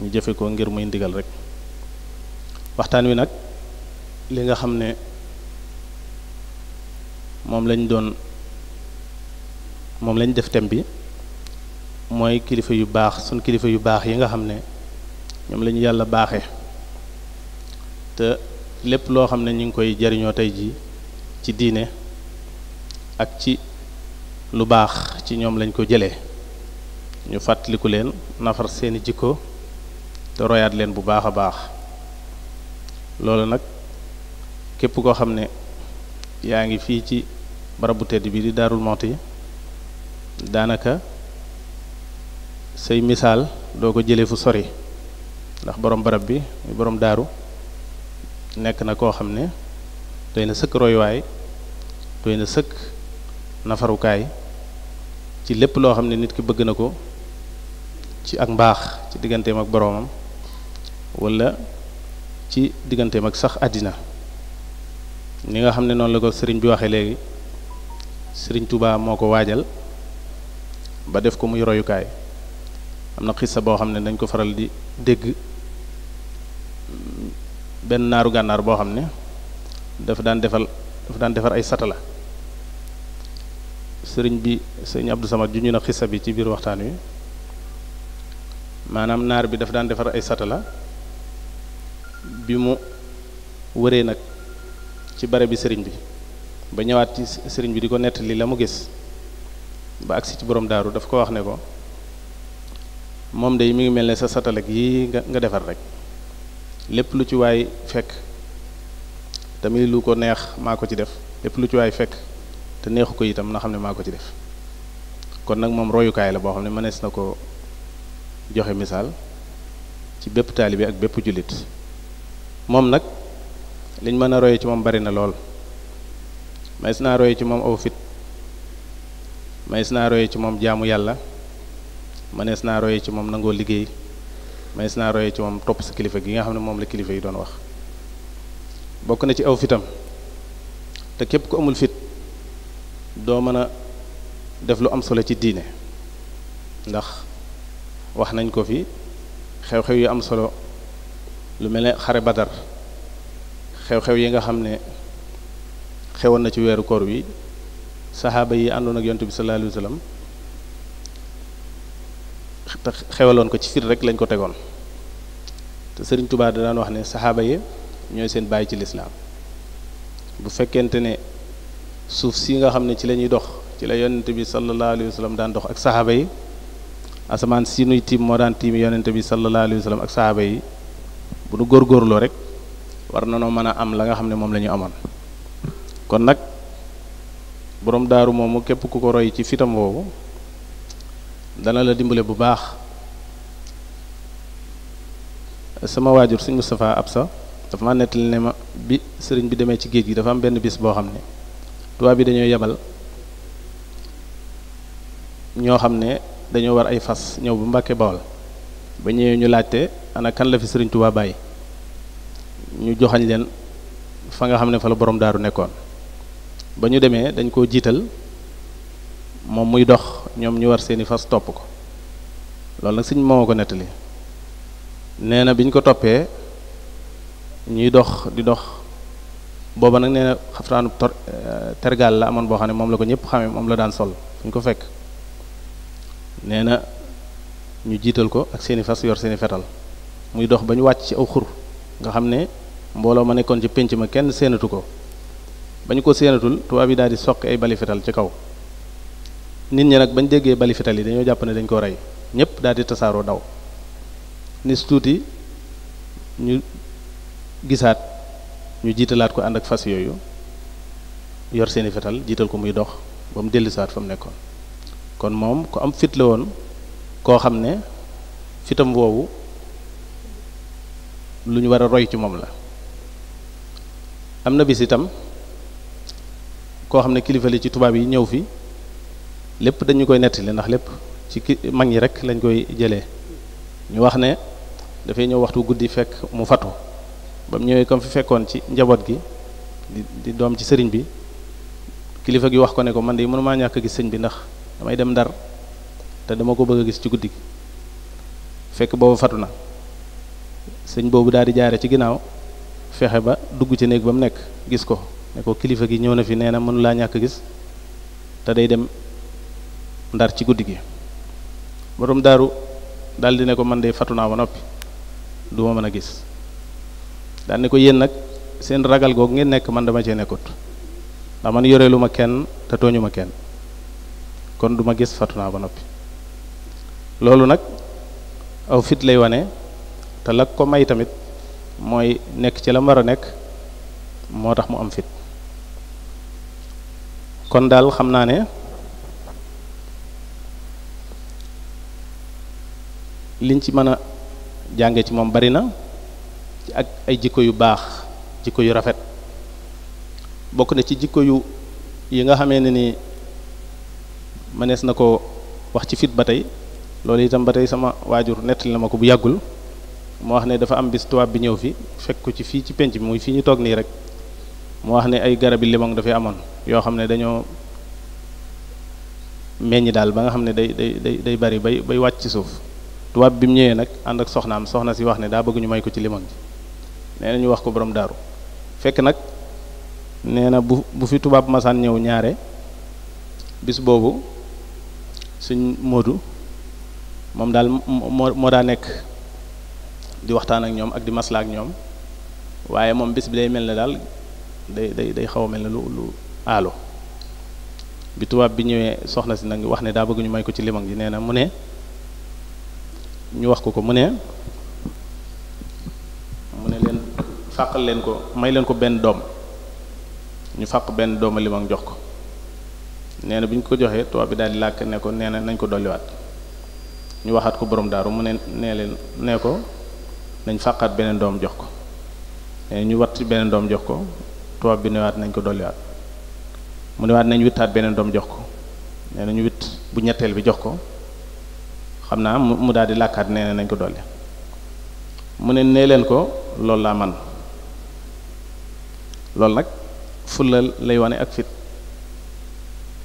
ñu jëfe ko ngir muy ndigal waxtaan wi nag li nga xam ne moom lañ doon moom lañ def thème bi mooy kilifa yu baax sunu kilifa yu baax yi nga xam ne ñoom lañu yàlla baaxe te lépp loo xam ne ñu ngi koy jariñoo tey ji ci diine ak ci lu baax ci ñoom lañ ko jëlee ñu fàttaliku leen nafar seeni jikko te royaat leen bu baax a baax loolu nag képp koo xam ne yaa ngi fii ci barabu tedd bii di Daarul Muxti daanaka say misaal doo ko jëlee fu sori ndax borom barab bi boroom daaru nekk na koo xam ne doy na sëkk royuwaay doy na sëkk nafarukaay ci lépp loo xam ne nit ki bëgg na ko ci ak mbaax ci digganteem ak boroomam wala ci digganteem ak sax àddina ni nga xam ne noonu la ko sëriñ bi waxe léegi sëriñ Touba moo ko waajal ba def ko muy royukaay am na xissa boo xam ne dañ ko faral di dégg benn naaru gànnaar boo xam ne dafa daan defal dafa daan defar ay satala sëriñ bi sëriñ Abdou Samad ju na xissa bi ci biir waxtaan wi maanaam naar bi dafa daan defar ay satala bi mu wëree nag ci bare bi sëriñ bi ba ñëwaat ci sëriñ bi di ko nettali la mu gis ba agsi ci borom daaru daf ko wax ne ko moom de mi ngi mel ne sa satala yi nga nga defar rek lépp lu ci waay fekk tamit lu ko neex maa ko ci def lépp lu ci waay fekk te neexu ko itam na xam ne maa ko ci def kon nag moom royukaay la boo xam ne mënees na ko joxe misaal ci bépp taalibe ak bépp jullit moom nag liñ mën a roye ci moom bari na lool mays naa roye ci moom aw fit naa roye ci moom jaamu yàlla mënees naa roye ci moom nangoo liggéey mais naa royee ci moom topp sa kilifa gi nga xam ne moom la kilifa yi doon wax bokk na ci aw fitam te képp ku amul fit doo mën a def lu am solo ci diine ndax wax nañ ko fi xew-xew yu am solo lu mel ne xare badar xew-xew yi nga xam ne xewoon na ci weeru koor wi saxaaba yi àndoon ak yontu bi sallallahu alayhi te xewaloon ko ci fit rek lañ ko tegoon te sëriñ Tuubaa da daan wax ne saxaaba yi ñooy seen bàyyi ci lislaam bu fekkente ne suuf si nga xam ne ci la ñuy dox ci la yonente bi sallallahu alayhi wa sallam daan dox ak saxaaba yi asamaan si nuy tiim moo bi sallallahu alayhi wa ak saxaaba yi bu nu góorloo rek war na noo mën a am la nga xam ne moom la amoon kon nag boroom daaru moomu képp ku ko roy ci fitam woowu dana la dimbale bu baax sama waajur sëñ ab sa dafa ma nettali ne ma bi sëriñ bi demee ci géej gi dafa am benn bis boo xam ne tubaab bi dañoo yebal ñoo xam ne dañoo war ay fas ñëw bu Mbàkke Bawol ba ñëwee ñu laajte ana kan la fi sëriñ Tuubaa bàyyi ñu joxañ leen fa nga xam ne fa la borom daaru nekkoon ba ñu demee dañ koo jiital moom muy dox ñoom ñu war seeni fas topp ko loolu nag sëñ moo ko nettali nee na bi ñu ko toppee ñuy dox di dox booba nag nee na xaftaanu tor eh, tergaal la amoon boo xam ne moom la ko ñëpp xamee moom la daan sol fu ñu ko fekk nee na ñu jiital ko ak seeni fas yor seeni fetal muy dox ba ñu wàcc ci aw xur nga xam ne mbooloo ma nekkoon ci pénc ma kenn séenatu ko ba ñu ko seenatul tubaab yi daal di soq ay bali fetal ci kaw nit ñi nag bañ déggee bali fital yi dañoo jàpp ne dañ ko rey ñëpp daal di tasaaroo daw nis tuuti ñu gisaat ñu jiitalaat ko ànd ak fas yooyu yor seeni fetal jiital ko muy dox ba mu dellusaat fa mu nekkoon kon moom ku am fit la woon koo xam ne fitam woowu lu ñu war a roy ci moom la am na bis itam koo xam ne kilifa li ci tubaab yi ñëw fi lépp dañu koy nettali ndax lépp ci ki mag yi rek lañ koy jëlee ñu wax ne dafay ñëw waxtu guddi fekk mu fatu ba mu ñëwee comme fi fekkoon ci njaboot gi di doom ci sëriñ bi kilifa gi wax ko ne ko man de mënumaa ñàkk a gis sëñ bi ndax damay dem ndar te dama ko bëgg a gis ci guddi fekk boobu fatu na sëñ boobu daal di jaare ci ginnaaw fexe ba dugg ci néeg ba mu nekk gis ko kilifa gi ñëw na fi nee na mënu laa ñàkk gis te day dem ndar ci guddi gi borom daaru daldi ne ko man de fatu naa ba noppi du ma mën a gis daal ne ko yéen nag seen ragal googu ngeen nekk man dama cee nekkut ndax man yoreelu ma kenn te tooñu kenn kon duma gis fatu naa ba noppi loolu nag aw fit lay wane te la ko may tamit mooy nekk ci la mar a nekk moo tax mu am fit kon daal xam naa ne liñ ci mën a jànge ci moom bari na ci ak ay jikko yu baax jikko yu rafet bokk na ci jikko yu yi nga xamee ne ni mënees na ko wax ci fit ba tey loolu itam ba tey sama waajur nettali na ma ko bu yàggul moo wax ne dafa am bis tubaab bi ñëw fi fekk ko ci fii ci penc bi muy fii ñu toog nii rek moo wax ne ay garabi limoŋ dafay amoon yoo xam ne dañoo meññi daal ba nga xam ne day day day day bari bay bay wàcc ci suuf tubaab bi mu ñëwee nag ànd ak soxnaam soxna si wax ne daa bëgg ñu ci limon ji na ñu wax ko borom daaru fekk nag nee na bu bu fi tubaab ñëw ñaare bis boobu suñ moodu moom daal daa nekk di waxtaan ak ñoom ak di maslaa ak ñoom waaye moom bis bi day mel ne daal day day day xaw a mel ne lu lu aalo bi bi ñëwee soxna si nag wax ne daa bëgg ñu may ko ci limon ji nee na mu ne ñu wax ko ko mu ne mu ne leen fàqal leen ko may leen ko benn doom ñu fàq benn doom limon jox ko nee na bi ñu ko joxee tubaab bi daal di làkk ne ko nee na nañ ko dolliwaat ñu waxaat ko boroom daaru mu ne nee leen nee ko nañ fàqaat beneen doom jox ko nee ñu wat ci beneen doom jox ko tubaab bi newaat nañ ko dolliwaat mu newaat nañ wittaat beneen doom jox ko nee na bu ñetteel bi jox ko xam naa mu daal di làkkaat nee nañ ko dolli mu ne nee leen ko loolu laa man loolu nag fulla lay wane ak fit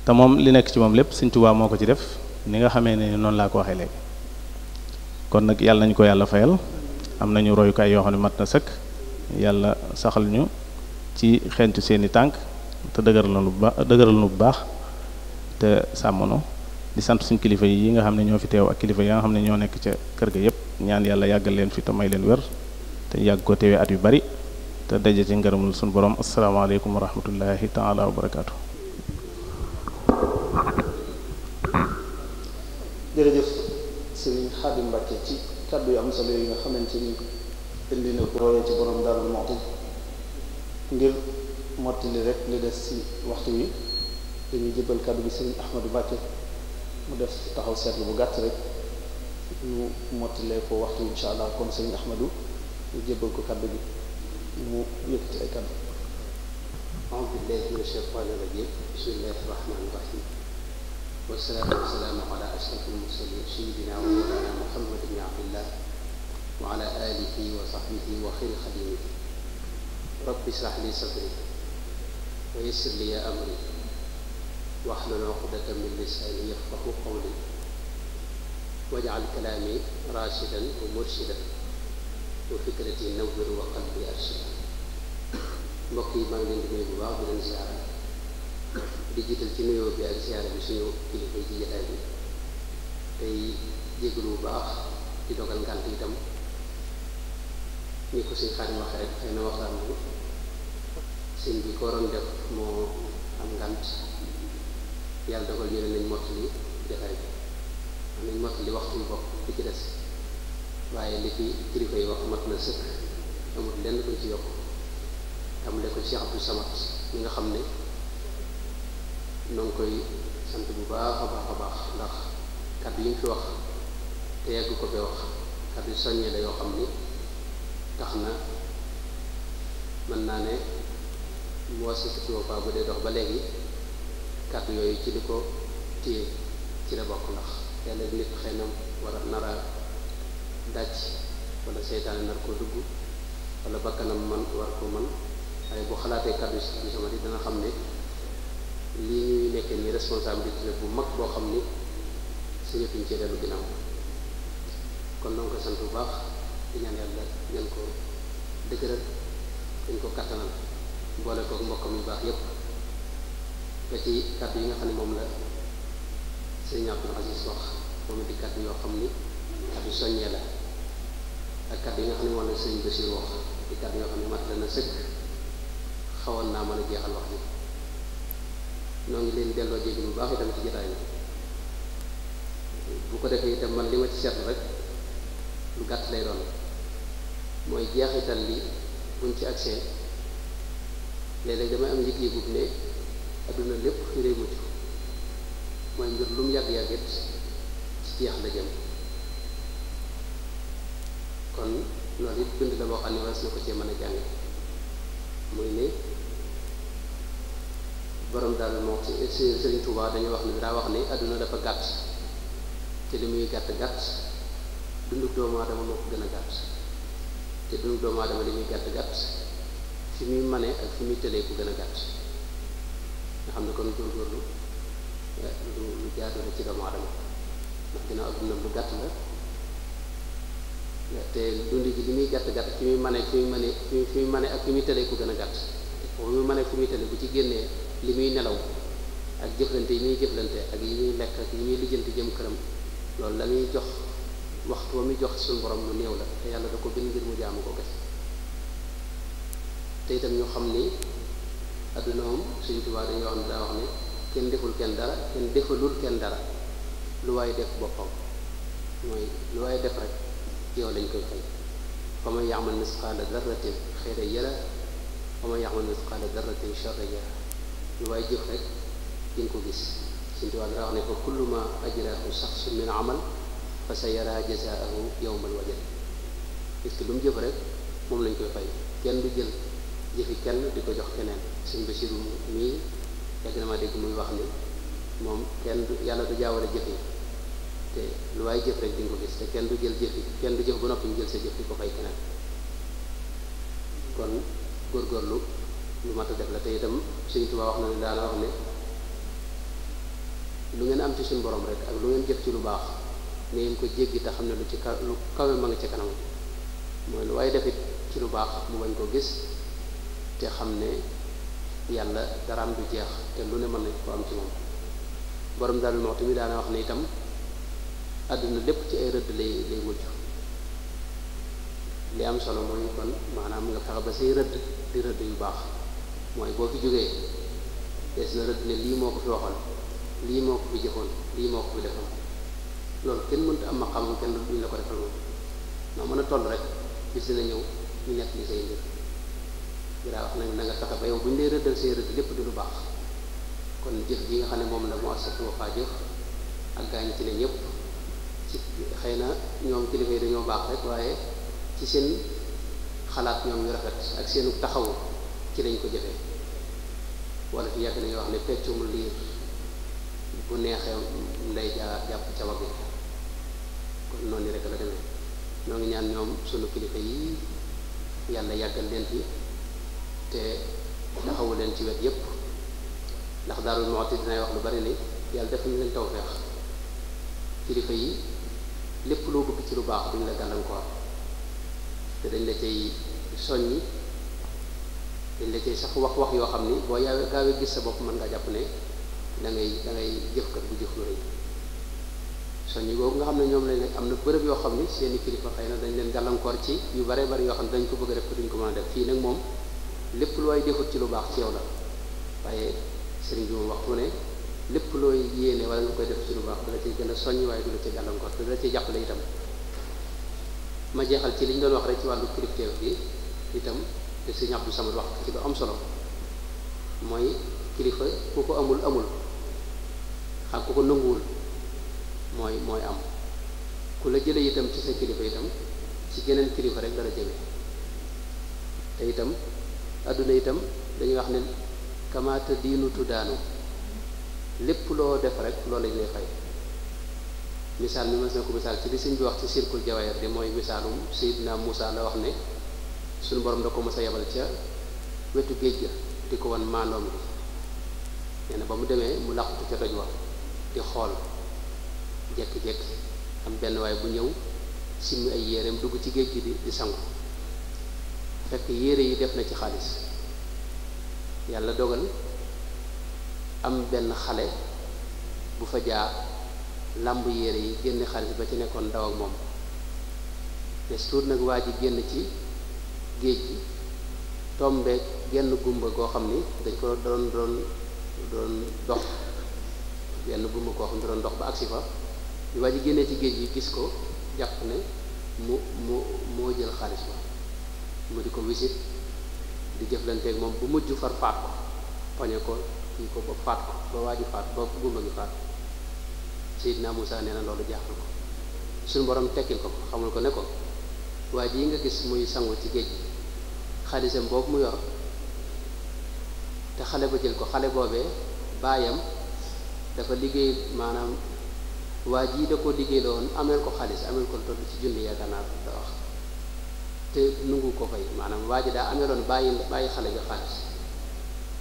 te moom li nekk ci moom lépp Sëñ Tuubaa moo ko ci def ni nga xamee ne noonu laa ko waxee léegi kon nag yàlla nañu ko yàlla fayal am nañu royukaay yoo xam ne mat na sëkk yàlla saxal ñu ci xentu seeni tànk te dëgëral na lu baax dëgëral nu bu baax te sàmmono di sant suñ kilifa yi nga xam ne ñoo fi teew ak kilifa yi nga xam ne ñoo nekk ca kër ga yépp ñaan yàlla yàggal leen fi te may leen wér te yàgg ko teewee at yu bari te daje ci ngërëmul suñu borom asalaamaaleykum wa rahmatullahi taala wa barakaatu. jërëjëf sëriñ Xaadim Mbàkke ci am na ko royee ci rek li des ci waxtu wi dañuy jëbal kàddu bi sëriñ Ahmadu Mbàkke mu def taxaw seetlu bu gàtt rek ñu mottalee ko waxtu insha allah kon sëriñ Ahmadu ñu jébbal ko kaddu gi mu yëkkati ay kaddu aoudu billahi min ashaytani irajim bismillahi irrahmani irrahim wasalaatu wasalaamu ala ashraf almursalin sayidina wa mawlana muhammad ibni abdillah wa ala alihi wa sahbihi wa xayri xadimihi rabbi israh li sadri wa yassir li ya amri واحلل عقدة من لساني يفقه قولي واجعل كلامي راشدا ومرشدا وفكرتي نور وقلبي أرشدا mbokk yi maa ngi leen bu baax di leen ziara di ci nuyoo bi ak ziara bi suñu kilifa ci jotaay tey jégalu bu baax di dogal ngànt itam ni ko suñ xarit waxee rek xëy na waxtaan bu sëñ bi ko moo am ngànt yàlla dogal ñu ne nañ mottali jotaay bi nañ mottali waxtuñ bopp bi ci des waaye li ki kilifa yi wax mat na sëkk amul lenn koñ ci yokk xamle ko Cheikh Abdou nga xam ne noo ngi koy sant bu baax a baax a baax ndax kàddu yi ñu fi wax te yàgg ko fi wax kàddu soññee la yoo xam ne tax na mën naa ne mu wasatu Wafa bu dee dox ba léegi kàddu yooyu ci li ko téye ci la bokk ndax léeg-léeg nit xëy na war a nar seytaane nar koo dugg wala bakkanam man war ko man waaye bu xalaatee kàddu si bi sama di dana xam ne li ñuy nekkee nii responsabilité bu mag boo xam ni suñu fiñ cee dellu ginnaaw kon donc sant bu baax di ñaan yàlla ngeen ko dëgëral dañ ko kattanal boole kook mbokkam yu baax yépp ba ci kàddu yi nga xam ne moom la sëriñ Abdul Aziz wax moom di kàddu yoo xam ni kàddu soññee la ak kàddu yi nga xam ne moom la sëriñ Bachir wax di kàddu yoo xam ne mat dana sëkk xawoon naa mën a jeexal wax ji ñoo ngi leen delloo jéggi bu baax itam ci jotaay bu ko defee itam man li ma ci seetlu rek lu gàtt lay doon mooy jeexital li buñ ci accès léeg-léeg damay am yëg-yëgub ne adduna lépp fi lay mujj mooy mbir lu mu yàgg-yàgg it jeex la kon loolu it bind la boo xam ne wees na ko cee mën a jàng mooy ne borom daal moo si sëriñ Tuubaa dañuy wax ne daa wax ne adduna dafa gàtt te li muy gàtt gàtt dundu doomu aadama moo ko gën a gàtt te dundu doomu aadama li muy gàtt gàtt fi muy mane ak fi muy tëlee ku gën a gàtt nga kon góorgóorlu eh, lu lu jaadu la ci doomu bu gàtt la eh, te dund ji li muy gàtt gàtt fi muy mane fi muy mane fi ak fi muy tëlee ku gën a gàtt fu muy mane fi muy bu ci génnee li muy nelaw ak jëflante yi muy jëflante ak yi lekk yi muy lijjanti jëm këram loolu la muy jox waxtu mu jox suñu borom mu néew la te yàlla da ko bind ngir mu jaamu ko kese te itam ñu xam ni adduna moom Sëñ Tuubaa dañuy wax ne daa wax ne kenn deful kenn dara kenn defalul kenn dara lu waaye def boppam mooy lu waay def rek yow lañ koy fay fa man ya'mal misqaala darratin xayran yara wa man ya'mal misqaala darratin sharran yara lu waay jëf rek di ko gis Sëñ Tuubaa daa wax ne fa kullu ma ajrahu shakhsun min amal fa sa yara jazaahu yawmal wajh gis lu mu jëf rek moom lañ koy fay kenn du jël jëfi kenn di ko jox keneen si Basiru mii yàgg na ma dégg muy wax ni moom kenn du yàlla du jaawale jëf yi te lu waay jëf rek di ko gis te kenn du jël jëf yi kenn du jëf ba noppi ñu jël sa jëf di ko fay keneen kon góorgóorlu lu mat a def la te itam Sëñ Tuubaa wax na ne daana wax ne lu ngeen am ci suñu borom rek ak lu ngeen jëf ci lu baax ne ngeen ko jéggi te xam ne lu ci kaw lu kawe ma nga ca kanam mooy lu waaye defit ci lu baax mu bañ koo gis te xam ne yàlla daraam du jeex te lu ne mën nañ ko am ci moom borom daal moo tamit daana wax ne itam àdduna lépp ci ay rëdd lay lay mujj li am solo mooy kon maanaam nga fexe ba say rëdd di rëdd yu baax mooy boo fi jógee des na rëdd ne lii moo ko fi waxoon lii moo ko fi jëfoon lii moo ko fi defoon loolu kenn mënta am ma xam kenn duñ la ko defal moom noo mën a toll rek bis dina ñëw ñu nekk li say mbir biraa wax nañu na nga fexe ba yow bu ñu lay rëddal say rëdd lépp di lu baax kon jëf ji nga xam ne moom la mu asatu Wafa jëf ak gaañ ci ne ñëpp ci xëy na ñoom kilifa yi dañoo baax rek waaye ci seen xalaat ñoom ñu rafet ak seenu taxawu ci lañ ko jëfee wala fi yàgg nañu wax ne peccum liir bu neexee nday jaa jàpp ca wagg kon noonu rek la demee ñoo ngi ñaan ñoom sunu kilifa yi yàlla yàggal leen fi te taxawu leen ci wet yépp ndax Daarul Muxti dinay wax lu bari ni yàlla def nañ leen tawfeex kilifa yi lépp loo bëgg ci lu baax duñ la gàllankoor te dañ la cay soññi dañ la cay sax wax wax yoo xam ni boo yaawee gaawee gis sa bopp mën nga jàpp ne da ngay da ngay jëfkat bu jëf lu rëy soññi googu nga xam ne ñoom lañ am na bërëb yoo xam ni seeni kilifa xëy na dañ leen gàllankoor ci yu baree bari yoo xam ne dañ ko bëgg a def ko duñ ko mën a def fii nag moom lépp looy defut ci lu baax ci la waaye sëriñ bi moom waxtu ne lépp looy yéene walla nga koy def ci lu baax dala ci gën a soññ waaye du la ci gàllankoor te dala ci jàppale itam ma jeexal ci li ñu doon wax rek ci wàllu kilifteef bi itam te sëriñ Abdou Samad wax ci lu am solo mooy kilifa ku ko amul amul ak ku ko nanguwul mooy mooy am ku la jële itam ci sa kilifa itam ci geneen kilifa rek dala jëme te itam adduna itam dañuy wax ne kamaata diinu tuddaanu lépp loo def rek loolu lañ lay fay misaal mi mas na ko misaal ci li sëñ bi wax ci sirkul jawaayir di mooy misaalum Seydina Muusa la wax ne suñu borom da ko mos a yebal ca wetu géej ga di ko wan maandoom gi nee ba mu demee mu làqutu ca doj wax di xool jekki-jekki am benn waay bu ñëw simmi ay yéreem dugg ci géej gi di sangu fekk yére yi def na ci xaalis yàlla dogal am benn xale bu fa jaar làmb yére yi génne xaalis ba ci nekkoon daw moom des tuut nag waa ji génn ci géej gi tombe genn gumba goo xam ni dañ ko doon doon doon dox genn gumba goo xam ne doon dox ba agsi fa bi waa ji génnee ci géej gi gis ko jàpp ne mu mu moo jël xaalis ba mu di ko wisit di jëflanteeg moom bu mujj far faat ko pañe ko kii ko ba faat ko ba waaji faat ba gumba gi faat ko Seydina Muusa nee na loolu jaaxal ko suñu borom tekkil ko xamul ko ne ko waa ji yi nga gis muy sangu ci géej gi xaalisam boobu mu yor te xale ba jël ko xale boobee baayam dafa liggéey maanaam waa ji da ko liggéey la woon amee ko xaalis ameel ko toll ci junni yaakaar naa da wax te nungu ko fay maanaam waa ji daa ameloon bàyyi bàyyi xale bi xaalis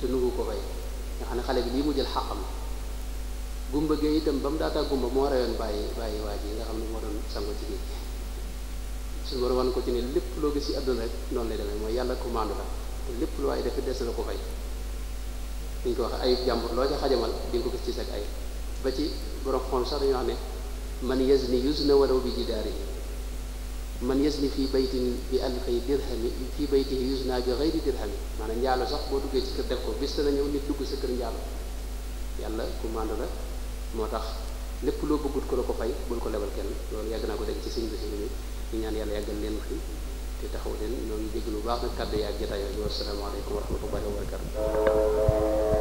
te nungu ko fay nga xam ne xale bi lii mu jël xàqam gumba gee itam ba mu daataa gumba moo reyoon bàyyi bàyyi waa ji nga xam ne moo doon sango ci géej suñu war wan ko ci ne lépp loo gis ci àdduna rek noonu lay demee mooy yàlla commande la te lépp lu waaye dafa des na ko fay dañ ko wax ay jàmbur loo ca xajamal di ko gis ci sag ay ba ci borom xool sax dañu wax ne man yazni yuzna walaw bi jidaarihi man yasli fii baytin bi alfay dirhami fii baytihi yusna bi xayri dirhami maanaam njaalo sax boo duggee ci kër def ko bis la ñëw nit dugg sa kër njaalo yàlla ku màndu la moo tax lépp loo bëggut ko la ko fay bul ko lebal kenn loolu yàgg naa ko dégg ci sëñ bi sëñ bi ñu ñaan yàlla yàggal leen fi te taxaw leen ñoo ngi dégg lu baax nag kàddu yaag jotaay yooyu wasalaamaaleykum wa rahmatullahi wa barakatu waaw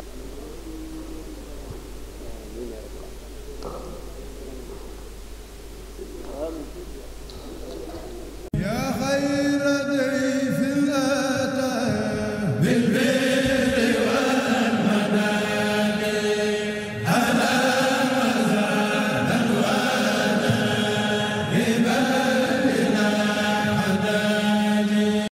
Yeah.